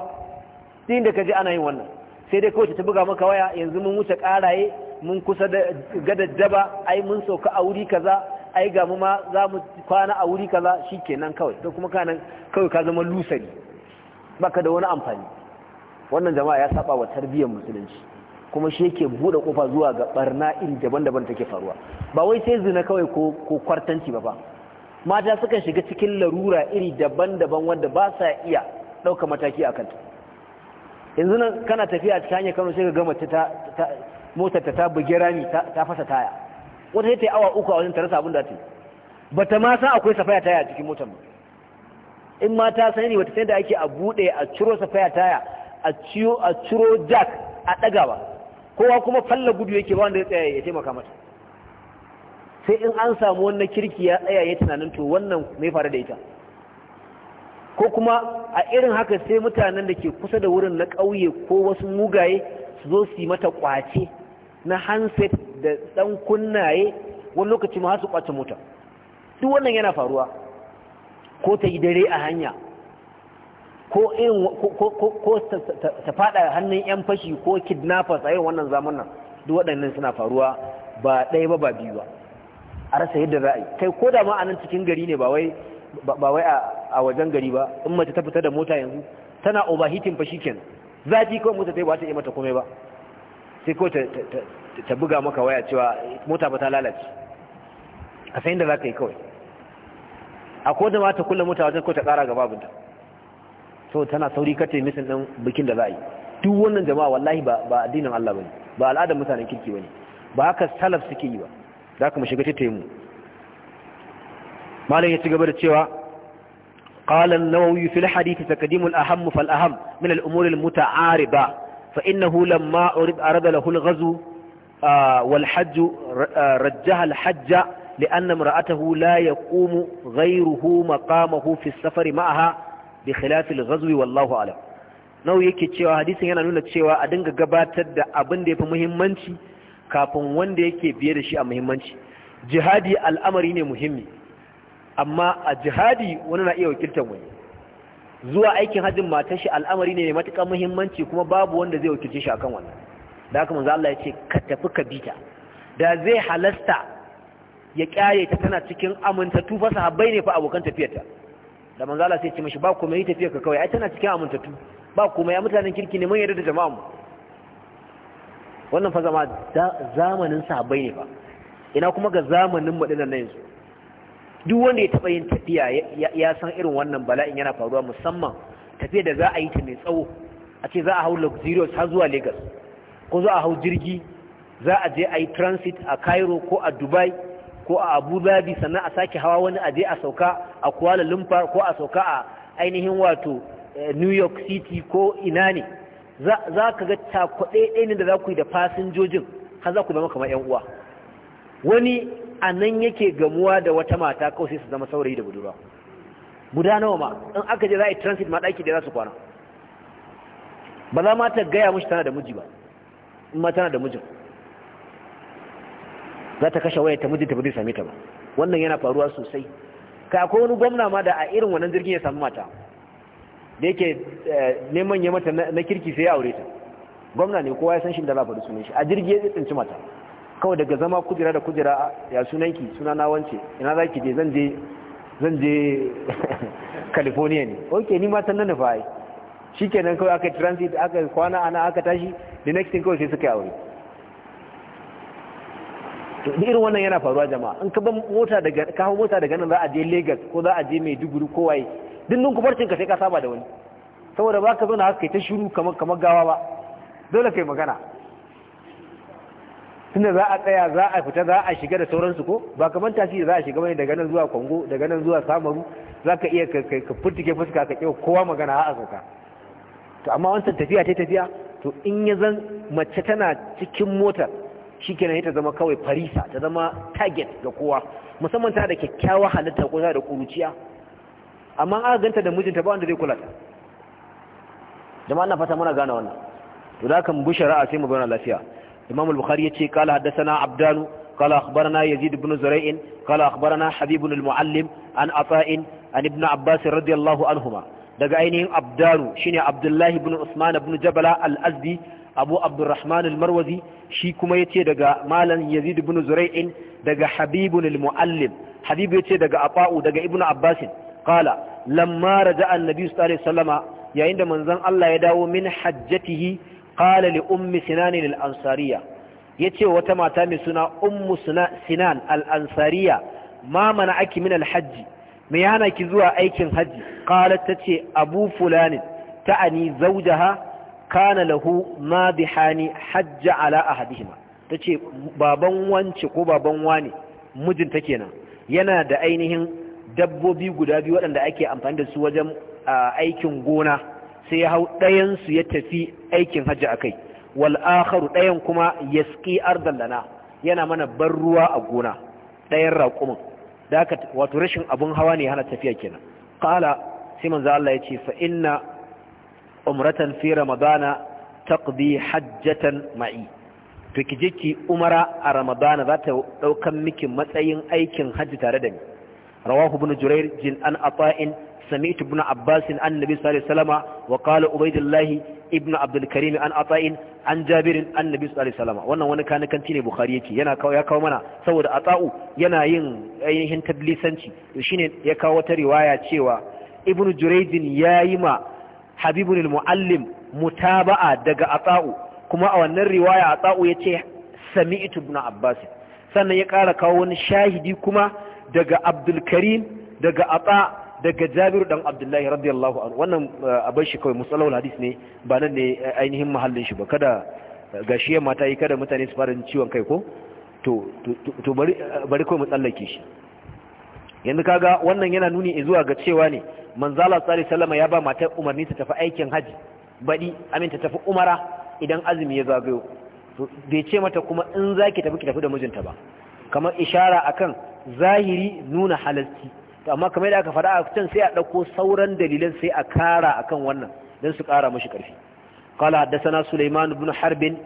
din da ka ji ana yin wannan sai dai kawai ta buga maka waya yanzu mun wuce karaye mun kusa da gadaddaba ai mun sauka a wuri kaza ai ga mu ma za mu kwana a wuri kaza shikenan kawai to kuma kanan kawai ka zama lusari baka da wani amfani wannan jama'a ya saba wa tarbiyyar musulunci kuma shi yake bude kofa zuwa ga barna iri daban-daban take faruwa ba wai sai zina kawai ko ko kwartanci ba ba mata suka shiga cikin larura iri daban-daban wanda ba sa iya ɗauka mataki akan ta yanzu nan kana tafiya cikin hanyar Kano sai ka ga mace ta motar ta ta bugi rami ta fasa taya wata sai ta yi awa uku a wajen ta rasa abin da ta yi bata ma san akwai safaya taya a cikin motar ba in ma ta ne wata sai da ake a buɗe a ciro safaya taya a ciro jack a ɗagawa kowa kuma falla gudu yake ba wanda ya tsaya ya taimaka mata sai in an samu wannan kirki ya tsaya ya tunanin to wannan mai faru da ita ko kuma a irin haka sai mutanen da ke kusa da wurin na ƙauye ko wasu mugaye su zo su yi mata ƙwace na hanset da ɗan kunnaye wani lokaci ma su ƙwace mota duk wannan yana faruwa ko ta yi dare a hanya ko irin ko ta fada hannun yan fashi ko kidnappers a yau wannan zamanin duk waɗannan suna faruwa ba ɗaya ba ba biyu ba a rasa yadda za a yi kai ko da ma a nan cikin gari ne ba wai a wajen gari ba in mace ta fita da mota yanzu tana overheating fashi kenan. zafi kawai mota ta yi ba ta yi mata komai ba sai ko ta buga maka waya cewa mota ba ta lalace a sayin da za ka yi kawai a ko da ma ta kulle mota wajen ko ta kara gaba abinta so tana sauri ka misin din bikin da za a duk wannan jama'a wallahi ba ba addinin Allah bane ba al'adar mutanen kirki bane ba haka salaf suke yi ba za ka mu shiga ta taimu malam ya ci gaba da cewa qala an-nawawi fil hadith taqdim al-aham fal aham min al-umur al-muta'ariba fa innahu lamma urid arada lahu al-ghazw wal hajj rajjaha al-hajj لأن امرأته لا يقوم غيره مقامه في السفر معها bi khilafil ghazwi wallahu alam nau yake cewa hadisin yana nuna cewa a dinga gabatar da abin da yafi muhimmanci kafin wanda yake biye da shi a muhimmanci jihadi al'amari ne muhimmi amma a jihadi wani na iya wakiltar wani zuwa aikin hajjin matar shi al'amari ne mai matuƙar muhimmanci kuma babu wanda zai wakilce shi akan wannan da haka manzo Allah ya ce ka tafi ka bita da zai halasta ya kyare ta tana cikin amintattu fa sahabbai ne fa abokan tafiyarta da manzo Allah sai ce mishi ba kuma yi tafiya ka kawai ai tana cikin amintattu ba kuma ya mutanen kirki ne mun yarda da jama'a mu wannan fa zama zamanin sahabbai ne fa ina kuma ga zamanin mu dinan yanzu duk wanda ya taba yin tafiya ya san irin wannan bala'in yana faruwa musamman tafiya da za a yi ta mai tsawo a ce za a hau luxurious har zuwa Lagos ko za a hau jirgi za a je a yi transit a Cairo ko a Dubai ko a abu zabi sannan a sake hawa wani aje a sauka a kuala lumpur ko a sauka a ainihin wato eh, new york city ko ina ne za ka ga takwaɗe ɗaya da za ku yi da fasinjojin har za ku zama kamar yan uwa wani a nan yake gamuwa da wata mata kawai sai su zama saurayi da budurwa guda nawa ma in aka je za a yi transit ma ɗaki da za su kwana ba za ma ta gaya mishi tana da miji ba in ma tana da mijin za ta kashe wayar ta mijinta ba zai same ta ba wannan yana faruwa sosai ka akwai wani gwamna ma da a irin wannan jirgin ya samu mata da yake eh, neman ya mata na kirki sai ya aure ta gwamna ne kowa ya san shi da za faɗi sunan shi a jirgi ya tsinci mata kawai daga zama kujera da kujera ya sunan ki? suna na wance ina za ki je zan je zan je california ne ok ni matan nan nufa ai shi kenan kawai aka transit aka kwana ana aka tashi the next thing kawai sai suka yi aure to irin wannan yana faruwa jama'a in ka ban mota daga ka hawo mota daga nan za a je Lagos ko za a je Maiduguri ko waye dindin kubarcin ka sai ka saba da wani saboda ba ka zo haka kai ta shiru kamar kamar gawa ba dole kai magana tunda za a tsaya za a fita za a shiga da sauransu ko ba kamar tashi za a shiga bane daga nan zuwa Kongo daga nan zuwa Samaru za ka iya ka furtike fuska ka kewa kowa magana a sauka to amma wancan tafiya ta tafiya to in ya zan mace tana cikin motar shikenan ta zama kawai farisa ta zama target ga kowa musamman ta da kyakkyawa halitta ko da kuruciya amma an ganta da mijinta ba wanda zai kula ta jama'a na fata muna gane wannan to da kan bi shari'a sai mu bayyana lafiya imam al-bukhari yace qala haddathana abdanu qala akhbarana yazid ibn zura'in qala akhbarana habib al-muallim an ata'in an ibn abbas radiyallahu anhuma daga ainihin abdanu shine abdullahi ibn usman ibn jabala al-azdi abu abdurrahman al-marwazi shi kuma yace daga malam yazid ibn zurai'in daga habibun al-muallim habib yace daga afa'u daga ibnu Abbasin qala lamma raja'a an sallallahu alaihi yayin da manzon Allah ya dawo min hajjatihi qala li ummi sinan al-ansariya yace wata mata mai suna ummu sinan al-ansariya ma mana aki min al-hajji me yana ki zuwa aikin hajji qalat tace abu fulanin ta'ani zawjaha kana lahu ma bihani hajja ala ahadihima tace baban wance ko baban wani mijinta kenan yana da ainihin dabbobi guda biyu waɗanda ake amfani da su wajen aikin gona sai ya hau ɗayan su ya tafi aikin hajji akai wal akharu ɗayan kuma yaski ski lana yana mana ban ruwa a gona ɗayan raƙumin da wato rashin abun hawa ne hana tafiya kenan qala sai manzo Allah ya ce fa inna umratan fi ramadana taqdi hajjatan ma'i to ki je ki umara a ramadana za ta daukan miki matsayin aikin hajji tare da ni rawahu ibn jurair jin an ata'in سمعت ابن Abbas عن النبي صلى الله عليه وسلم وقال عبيد الله ابن عبد الكريم عن عطاء عن جابر عن النبي صلى الله عليه wannan wani kana kanti ne bukhari yake yana kawo ya kawo mana saboda ata'u yana yin ainihin tadlisanci shine ya kawo wata riwaya cewa ibn juraydin yayi ma habibu al-muallim mutaba'a daga atsa'u kuma a wannan riwaya atsa'u yace sami'tu ibn abbas sannan ya ƙara kawo wani shahidi kuma daga abdul karim daga atsa daga jabiru dan abdullahi radiyallahu anhu wannan eh, abin shi kawai musalawul hadis ne ba nan ne eh, ainihin mahallin shi ba kada eh, gashi mata yi kada mutane su fara ciwon kai ko to bari kawai mu tsallake shi yanzu kaga wannan yana nuni zuwa ga cewa ne manzala sallallahu alaihi ya ba matar umarni ta tafi aikin hajji baɗi aminta tafi umara idan azumi ya zagayo to bai ce mata kuma in zaki tafi ki tafi da mijinta ba kamar ishara akan zahiri nuna halalci to amma kamar yadda aka faɗa a can sai a ɗauko sauran dalilan sai a kara akan wannan dan su kara mashi ƙarfi قال حدثنا سليمان بن حرب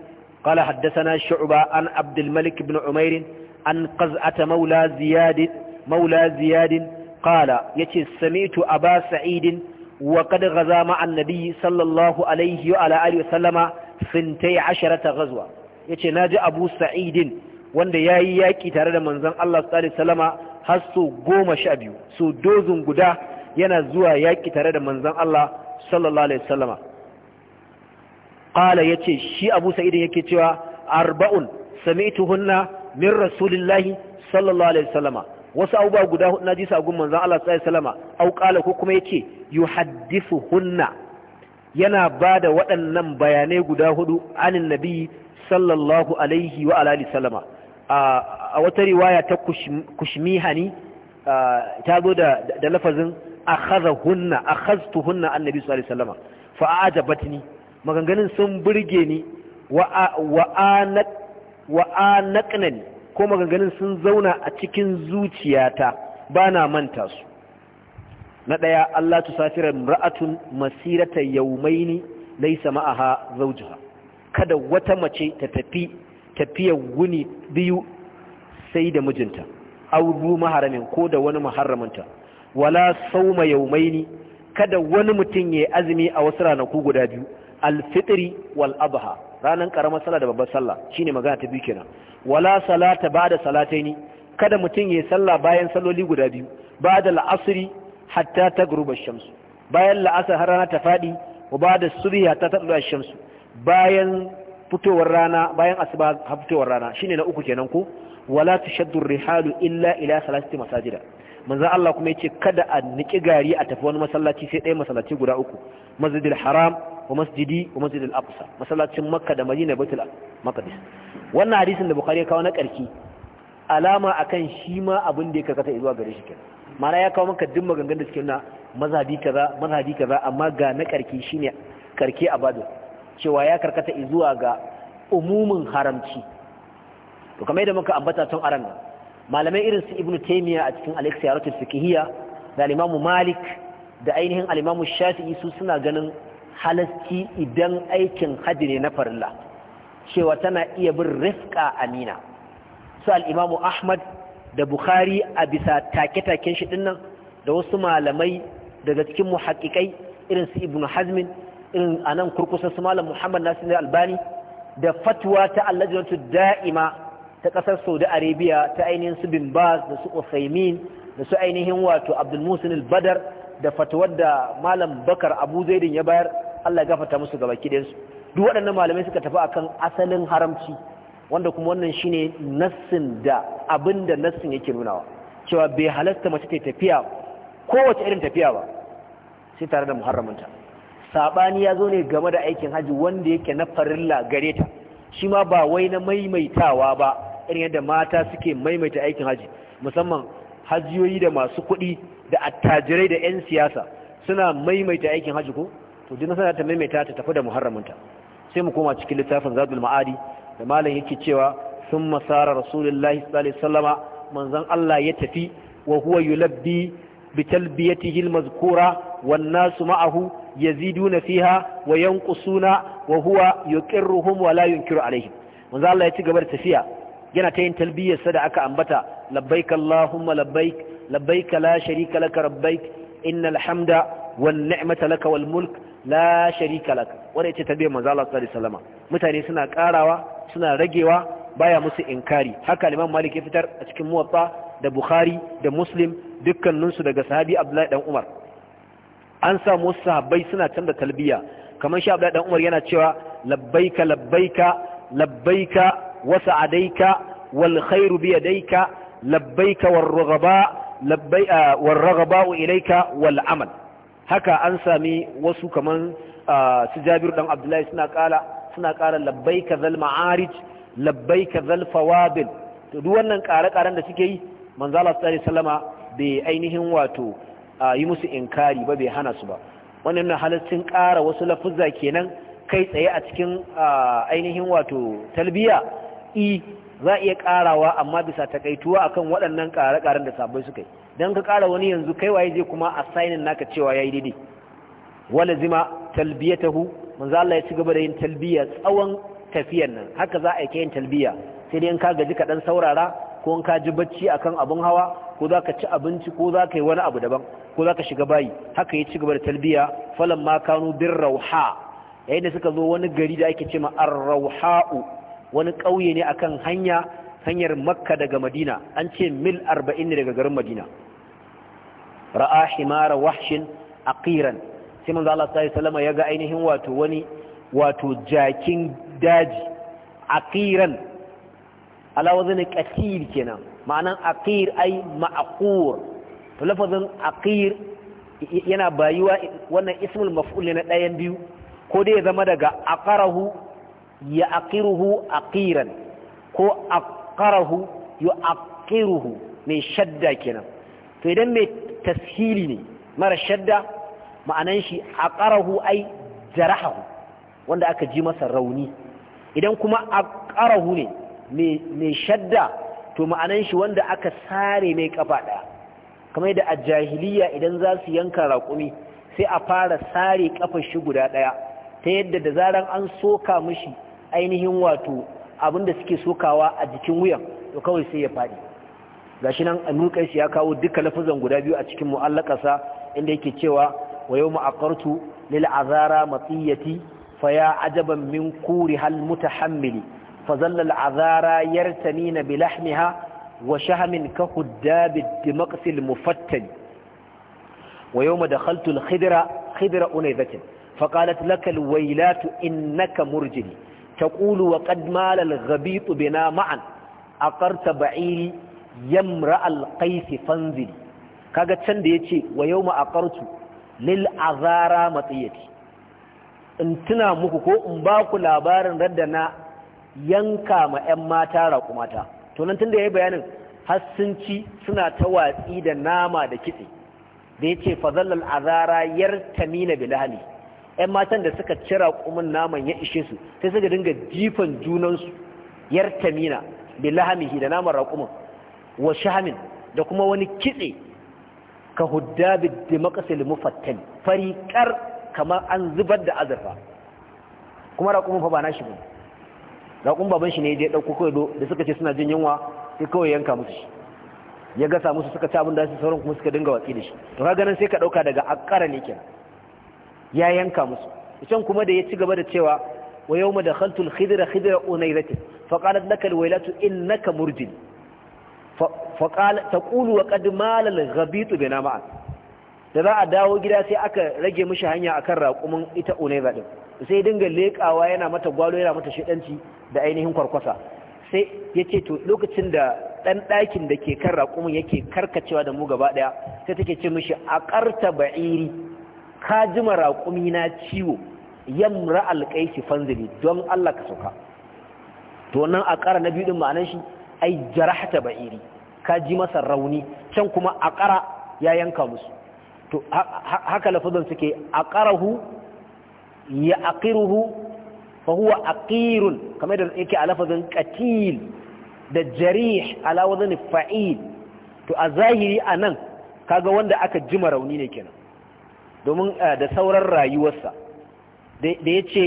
قال حدثنا شعبة عن عبد الملك بن عمير عن قزعة مولى زياد مولى زياد قال يتي سمعت أبا سعيد وقد غزا مع النبي صلى الله عليه وعلى آله وسلم سنتي عشرة غزوة يتي ناجى أبو سعيد wanda ya yi yaƙi tare da manzon Allah sallallahu salama har so goma sha biyu so dozin guda yana zuwa yaƙi tare da manzon Allah sallallahu alaihi salama ƙala ya ce shi abu sa'idin yake cewa arba'un sami'tuhunna min rasulillahi sallallahu alaihi wasu abubuwa guda hudu na ji su a gun manzon Allah sallallahu alaihi wasallama au qala ko kuma yace yuhaddithuhunna yana bada waɗannan bayanai guda hudu anin nabi sallallahu alaihi wa alihi sallama a wata riwaya ta kushmihani ta zo da da lafazin hunna akhadhtuhunna annabi sallallahu alaihi wasallama fa ajabatni maganganun sun burge ni wa wa anat wa ko maganganun sun zauna a cikin zuciyata ba na manta su na ɗaya Allah tu safira ra'atun masirata yaumaini laisa ma'aha zaujiha kada wata mace ta tafi tafiyar guni biyu sai da mijinta au maharamin ko da wani muharramanta wala sauma yaumaini kada wani mutum ya azumi a wasu ranaku guda biyu alfitri wal abha ranan karamar sallah da babbar sallah shine magana ta biyu kenan wala salata ba'da salataini kada mutum yayi sallah bayan salloli guda biyu ba'da al'asri hatta tagruba ash-shamsu bayan la'asar har rana ta fadi wa ba'da subhi hatta tatlu ash-shamsu bayan fitowar rana bayan asuba har fitowar rana shine na uku kenan ko wala tashaddu rihalu illa ila salati masajida manzo Allah kuma yace kada a niki gari a tafi wani masallaci sai ɗaya masallaci guda uku masjidil haram wa masjidi wa masjidil aqsa masallacin makka da madina baitul maqdis wannan hadisin da bukhari ya kawo na karki alama akan shi ma abin da ya karkata zuwa gare shi mana ya kawo maka duk maganganun da suke na mazhabi kaza mazhabi amma ga na karki shine karke a bado cewa ya karkata zuwa ga umumin haramci to kamar muka ambata tun aran nan malamai irin su ibnu taimiya a cikin al-iksiyaratul fiqhiyya da al malik da ainihin al-imam shafi'i su suna ganin halasci idan aikin haji ne na farilla cewa tana iya bin rifka amina su al'imamu ahmad da bukhari a bisa take-taken shi dinnan da wasu malamai daga cikin muhaƙiƙai irin su ibn hazmin irin a nan kurkusa su malam muhammad nasir albani da fatwa ta allajinatu da'ima ta ƙasar saudi arabia ta ainihin su bin baz da su usaimin da su ainihin wato abdul musin badar da fatwar da malam bakar abu zaidin ya bayar Allah ya gafarta musu gaba kidansu duk waɗannan malamai suka tafi akan asalin haramci wanda kuma wannan shine nassin da abinda nassin yake nunawa cewa bai halasta mace ta tafiya kowace irin tafiya ba sai tare da muharraminta sabani ya zo ne game da aikin haji wanda yake na farilla gare ta shi ma ba wai na maimaitawa ba irin yadda mata suke maimaita aikin haji musamman hajiyoyi da masu kuɗi da attajirai da 'yan siyasa suna maimaita aikin haji ko to duk nasara ta maimaita ta tafi da muharraminta sai mu koma cikin littafin zadul ma'adi da malam yake cewa sun masara rasulullahi sallallahu alaihi wasallama manzon Allah ya tafi wa huwa yulabbi bi talbiyatihi almazkura wan nasu ma'ahu yaziduna fiha wa yanqusuna wa huwa yuqirruhum wa la yunkiru alaihim manzon Allah ya ci gaba da tafiya yana ta yin talbiyar sa da aka ambata labbaik allahumma labbaik labbaik la sharika laka labbaik innal hamda wan ni'mata laka wal mulk la sharika lak wanda yace tabe manzo Allah sallallahu alaihi wasallam mutane suna karawa suna ragewa baya musu inkari haka Imam Malik ya fitar a cikin Muwatta da Bukhari da Muslim dukkanin su daga sahabi Abdullahi dan Umar an samu sahabbai suna canza talbiya kamar shi Abdullahi dan Umar yana cewa labbaika labbaika labbaika wa sa'adaika wal khairu bi yadaika labbaika war raghaba labbaika ah, war ilayka wal amal haka an sami wasu kamar su jabir dan abdullahi suna ƙara suna kara labbaika zal ma'arij labbaika zal fawabil to duk wannan kare-karen da suke yi manzo Allah sallallahu alaihi wasallama bai ainihin wato yi musu inkari ba bai hana su ba wannan na halaccin ƙara wasu lafuzza kenan kai tsaye a cikin ainihin wato talbiya i za iya ƙarawa amma bisa takaituwa akan waɗannan ƙare-ƙaren da sabai suka yi dan ka kara wani yanzu kai waye zai kuma assignin naka cewa yayi daidai walazima zima talbiyatahu manzo Allah ya ci gaba da yin talbiya tsawon tafiyar nan haka za a yi yin talbiya sai dai in ka gaji ka dan saurara ko in ka ji bacci akan abun hawa ko za ka ci abinci ko za ka yi wani abu daban ko za ka shiga bayi haka ya ci gaba da talbiya falan ma kanu bin rauha yayin da suka zo wani gari da ake ce ma ar-rauha'u wani ƙauye ne akan hanya hanyar makka daga madina an ce mil arba'in ne daga garin madina ra'a himara wahshin aqiran sai manzo Allah sallallahu alaihi ya ga ainihin wato wani wato jakin daji aqiran ala wazin qatil kenan ma'anan aqir ai ma'qur to lafazin aqir yana bayuwa wannan ismul maf'ul na ɗayan biyu ko dai zama daga aqarahu ya aqiruhu aqiran ko aqqarahu yu'aqqiruhu mai shadda kenan to idan mai tashili ne mara shadda ma'anan shi aqarahu ai jarahu wanda aka ji masa rauni idan kuma aqarahu ne mai shadda to ma'anan shi wanda aka sare mai kafa daya kamar da a jahiliya idan za su yanka raƙumi sai a fara sare kafa shi guda daya ta yadda da zaran an soka mishi ainihin wato abin da suke sokawa a jikin wuyan to kawai sai ya faɗi gashi nan amir shi ya kawo duka lafazan guda biyu a cikin mu'allakasa inda yake cewa wa yau ma'akartu lil azara matsiyati fa ya ajaban min kuri hal mutahammili fa zalla al azara yartamina bi lahmiha wa shahmin ka huddab dimaqsi al mufattali wa yau ma dakhaltu al khidra khidra unayzatin فقالت لك الويلات إنك مرجلي تقول وقد مال الغبيط بنا معا أقرت بعيري يمرأ القيس فانزلي kaga can da yace wa yawma aqartu lil azara matiyati in tuna muku ko in ba ku labarin radda na yanka ma 'yan mata raƙumata to nan tun da ya yi bayanin hassunci suna ta watsi da nama da kitse da ya ce fazallal azara yar tamina bilali 'yan matan da suka cira kumin naman ya ishe su sai suka dinga jifan junansu yar tamina bi lahamihi da naman raƙumin wa shahamin da kuma wani kitse ka hudda bi dimaqsil mufattal fariƙar kamar an zubar da azurfa kuma raƙumin fa ba shi ba raƙumin baban shi ne ya ɗauko kai da suka ce suna jin yunwa sai kawai yanka musu shi ya gasa musu suka ci abin da shi sauran kuma suka dinga watsi da shi to ka ganin sai ka ɗauka daga akara ne kenan ya yanka musu can kuma da ya ci gaba da cewa wa yawma dakhaltu al-khidra khidra unayrati fa qalat laka al-waylatu innaka murjin fa qala taqulu wa qad malal al bina da za a dawo gida sai aka rage mishi hanya akan raƙumin ita unayra din sai dinga lekawa yana mata gwalo yana mata shiɗanci, da ainihin kwarkwasa sai yace to lokacin da ɗan ɗakin da ke kan raƙumin yake karkacewa da mu gaba ɗaya sai take ce mishi aqarta ba'iri ka ji raƙumi na ciwo yamra shi fanzili don Allah ka sauka to nan a ƙara na biyu din ma'anar shi ai jarahta ba'iri ka ji masa rauni can kuma a ƙara ya yanka musu to haka lafazan suke a ƙarahu ya aqiruhu fa huwa aqirun kamar da yake a lafazin qatil da jarih ala wazn fa'il to a zahiri anan kaga wanda aka jima rauni ne kenan domin ah, da sauran rayuwarsa da ya ce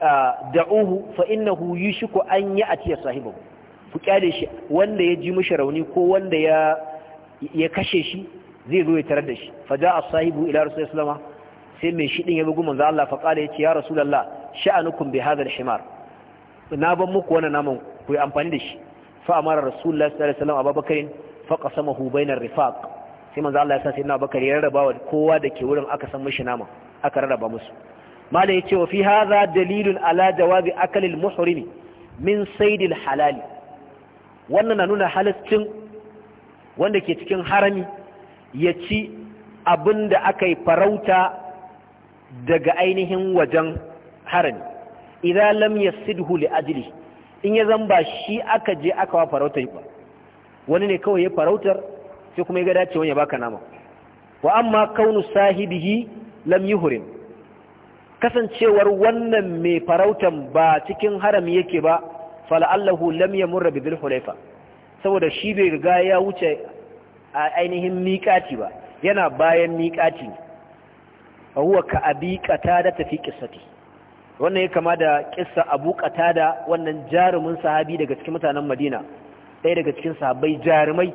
ah, da'uhu fa shi yushku an ya'tiya sahibahu ku kyale shi wanda ya ji mishi rauni ko wanda ya kashe shi zai zo ya tarar da shi fa ja'a sahibu ila rasulullahi sallallahu sai mai shi din ya bugu manzo Allah fa kala ce ya rasulullah sha'anukum bi hadha himar na ban muku wannan naman ku yi amfani da shi fa amara rasulullahi sallallahu alaihi wasallam abubakarin fa qasamahu bainar rifaq sai manzo Allah ya sa na Abubakar ya rarraba wa kowa da ke wurin aka san mishi nama aka rarraba musu ya yace wa fi hadha dalilun ala jawabi akalil muhrimi min saydil halali wannan na nuna halaccin wanda ke cikin harami ya ci abin da aka yi farauta daga ainihin wajen harami idan lam yasidhu li ajli in ya zamba shi aka je aka wa farautar ba wani ne kawai ya farautar sai kuma ya ga wani ya baka nama wa amma kaunu sahibihi lam yuhrim kasancewar wannan mai farautan ba cikin harami yake ba fala'allahu lam yamurra bi hulaifa saboda shi bai ga ya wuce a ainihin miƙati ba yana bayan miƙati A huwa ka abi qatada ta fi qissati wannan ya kama da kissa abu da wannan jarumin sahabi daga cikin mutanen Madina ɗaya daga cikin sahabbai jarumai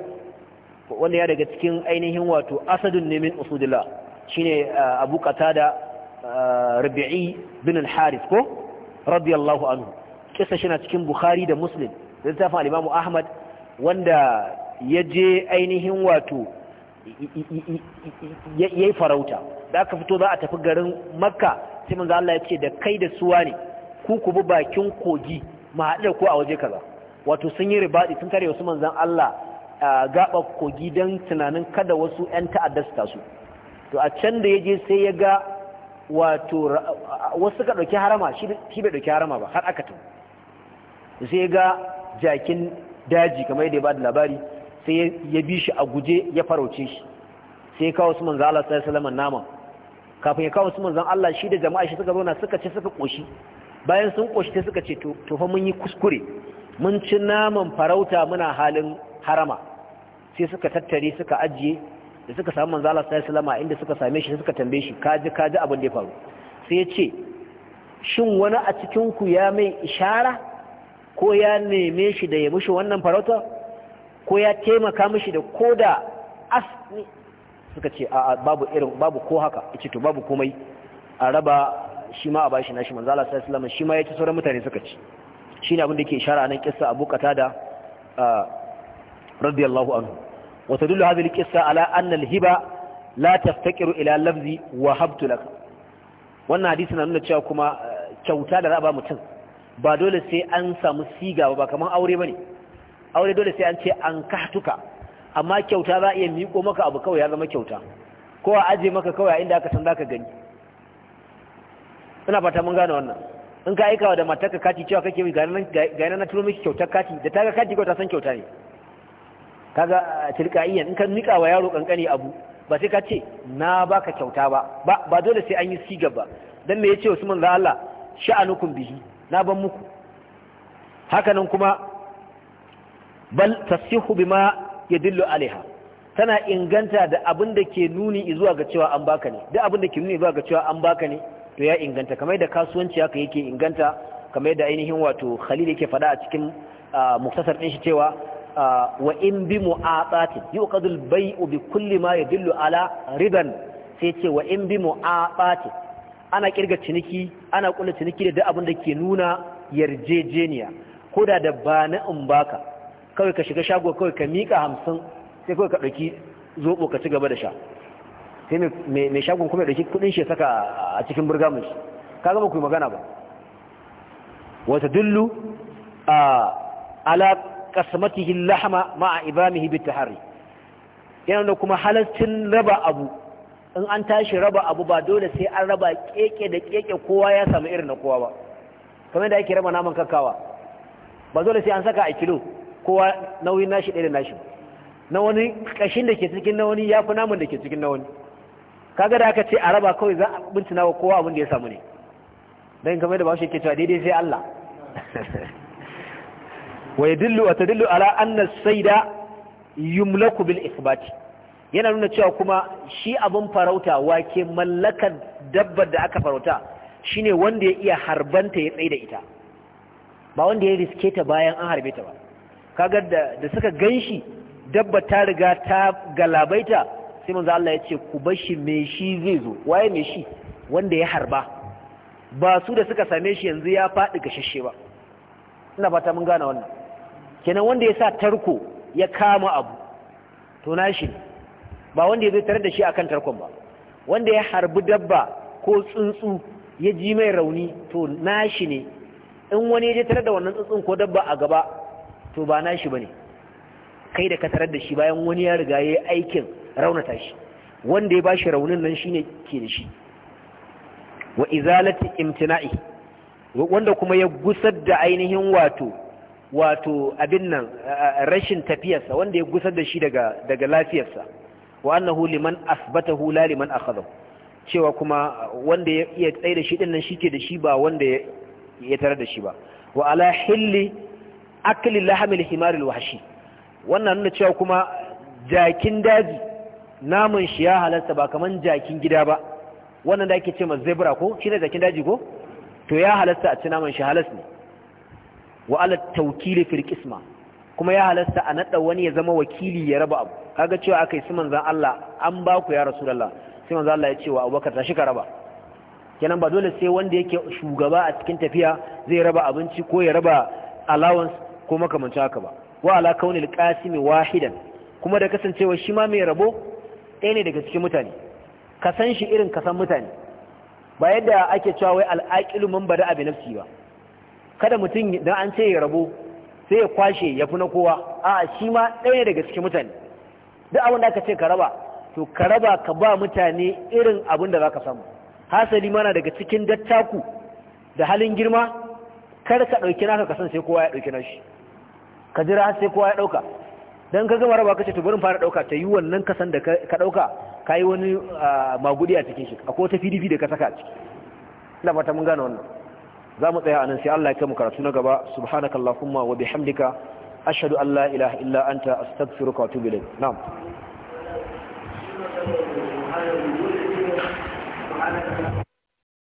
wanda ya daga cikin ainihin wato asadun ne min usudillah shine uh, abu qatada uh, rabi'i bin al-harith ko radiyallahu anhu kisa shi na cikin bukhari da muslim littafin al-imamu ahmad wanda ya je ainihin wato yayi farauta da aka fito za a tafi garin makka sai manzo Allah ya ce da kai da suwa ne ku ku bi bakin kogi ma hada ku a waje kaza wato sun yi ribadi sun tare wasu manzan Allah gaɓa kogi don tunanin kada wasu 'yan ta'adda su taso to a can da ya je sai ya ga wato wasu ka ɗauki harama shi bai ɗauki harama ba har aka tafi sai ya ga jakin daji kamar yadda ya ba da labari sai ya bi shi a guje ya farauce shi sai ya kawo su manzan Allah sai salaman nama kafin ya kawo su manzan Allah shi da jama'a shi suka zauna suka ce suka ƙoshi bayan sun ƙoshi sai suka ce to fa mun yi kuskure mun ci naman farauta muna halin harama sai suka tattare suka ajiye da suka samu Manzala Allah sallallahu alaihi wasallam inda suka same shi suka tambaye shi kaji kaji abin da ya faru sai ya ce shin wani a cikin ku ya mai ishara ko ya neme shi da ya mushi wannan farauta ko ya taimaka mishi da koda asni suka ce a babu irin babu ko haka yace to babu komai a raba shi ma a bashi na shi Manzala sallallahu alaihi wasallam shi ma yace sauran mutane suka ci shine abin da yake ishara nan kissa Abu Qatada ah, رضي الله wa وتدل هذه alqissa ala أن alhiba la taftakiru إلى لفظ وهبت لك wannan hadisi na nuna cewa kuma eh, kyauta da raba mutum ba dole sai an samu siga ba kamar aure bane aure dole sai an ce an kahtuka amma kyauta za a iya miƙo maka abu kawai ya zama kyauta ko a aje maka kawai a inda aka san zaka gani ina fata mun gane wannan in ka aikawa da matarka kati cewa kake ga nan na turo miki kyautar kati da ta ga kati kawai ta san kyauta ne kaga tilkaiyan in ka nika wa yaro kankani abu ba sai ka ce na baka kyauta ba ba dole sai an yi siga ba dan me yace Usman da Allah sha'anukum bihi na ban muku hakanan kuma bal tasihu bima yadullu alaiha tana inganta da abin da ke nuni zuwa ga cewa an baka ne duk abin da ke nuni zuwa ga cewa an baka ne to ya inganta kamar da kasuwanci haka yake inganta kamar da ainihin wato Khalil yake faɗa a cikin ah, muktasar din shi cewa wa in bi mu'atatin yuqadu al-bay'u bi kulli ma yadullu ala riban sai ce wa in bi mu'atatin ana kirga ciniki ana kula ciniki da duk abin da ke nuna yarjejeniya koda da ba na in baka kawai ka shiga shago kawai ka mika hamsin sai kawai ka ɗauki zoɓo ka ci gaba da sha sai mai shagon kuma ya ɗauki kuɗin shi saka a cikin burgamun shi ka gama ku magana ba wata dillu a ala qasmatihi al-lahma ma'a ibamihi bitahari yana da kuma halastin raba abu in an tashi raba abu ba dole sai an raba keke da keke kowa ya samu irin na kowa ba kamar da ake raba naman kakawa ba dole sai an saka a kilo kowa nauyin nashi ɗaya da nashi na wani kashin da ke cikin na wani ya fi namun da ke cikin na wani kaga da aka ce a raba kawai za a bincina wa kowa abin da ya samu ne don kamar da ba shi ke cewa daidai sai Allah wa yadullu على tadullu ala يملك sayda yumlaku bil isbati yana nuna cewa kuma shi abin farauta wake mallakar dabbar da aka farauta shine wanda ya iya harbanta ya tsaye da ita ba wanda ya riske ta bayan an harbe ta ba kaga da, da suka ganshi dabba ta riga ta galabaita sai manzo Allah ya ce ku bashi me shi zai zo waye me shi wanda ya harba ba su da suka same shi yanzu ya faɗi gashashe ba ina fata mun gane wannan kenan wanda ya sa tarko ya kama abu to nashi ba wanda ya zai tare da shi akan tarkon ba wanda ya harbi dabba ko tsuntsu ya ji mai rauni to nashi ne in wani ya je tare da wannan tsuntsun ko dabba a gaba to ba nashi bane kai da ka tarar da shi bayan wani ya riga yayi aikin raunata shi wanda ya bashi raunin nan shine ke da shi wa izalati imtina'i wanda kuma ya gusar da ainihin wato wato abin nan rashin tafiyarsa wanda ya gusar da shi daga lafiyarsa wa annahu liman asbatahu la liman akhadahu cewa kuma wanda ya iya tsaye da shi din nan shike da shi ba wanda ya tare da shi ba wa ala hilli akli lahmil himar alwahshi wannan nuna cewa kuma jakin daji namun shi ya halarta ba kaman jakin gida ba wannan da ake ce zebra ko shine jakin daji ko to ya halarta a ci naman shi halas ne wa ala tawkili fil qisma kuma ya halasta a nada wani ya zama wakili ya raba abu kaga cewa akai su manzon Allah an ba ku ya rasulullah sai manzon Allah ya ce wa Abubakar tashi ka raba kenan ba dole sai wanda yake shugaba a cikin tafiya zai raba abinci ko ya raba allowance ko makamancin haka ba wa ala kaunil qasimi wahidan kuma da kasancewa shi ma mai rabo ɗaya ne daga cikin mutane ka san shi irin ka san mutane ba yadda ake cewa wai al'aqilu man bada abin nafsi ba kada mutum da an ce ya rabo sai ya kwashe ya fi na kowa a shi ma ɗaya daga cikin mutane duk abin da aka ce ka raba to ka raba ka ba mutane irin abin da za ka samu hasali mana daga cikin dattaku da halin girma kar ka ɗauki naka kasan sai kowa ya ɗauki nashi ka jira sai kowa ya ɗauka don ka gama raba ka ce to bari fara ɗauka ta yi wannan kasan da ka ɗauka ka yi wani ah, magudi a cikin shi akwai wata pdp da ka saka a ciki ina fata mun gane wannan za mu tsaya anan sai Allah ya kai karatu na gaba subhanakallahumma wa bihamdika hamdika an la ilaha illa anta astaghfiruka wa atubu ilayk na'am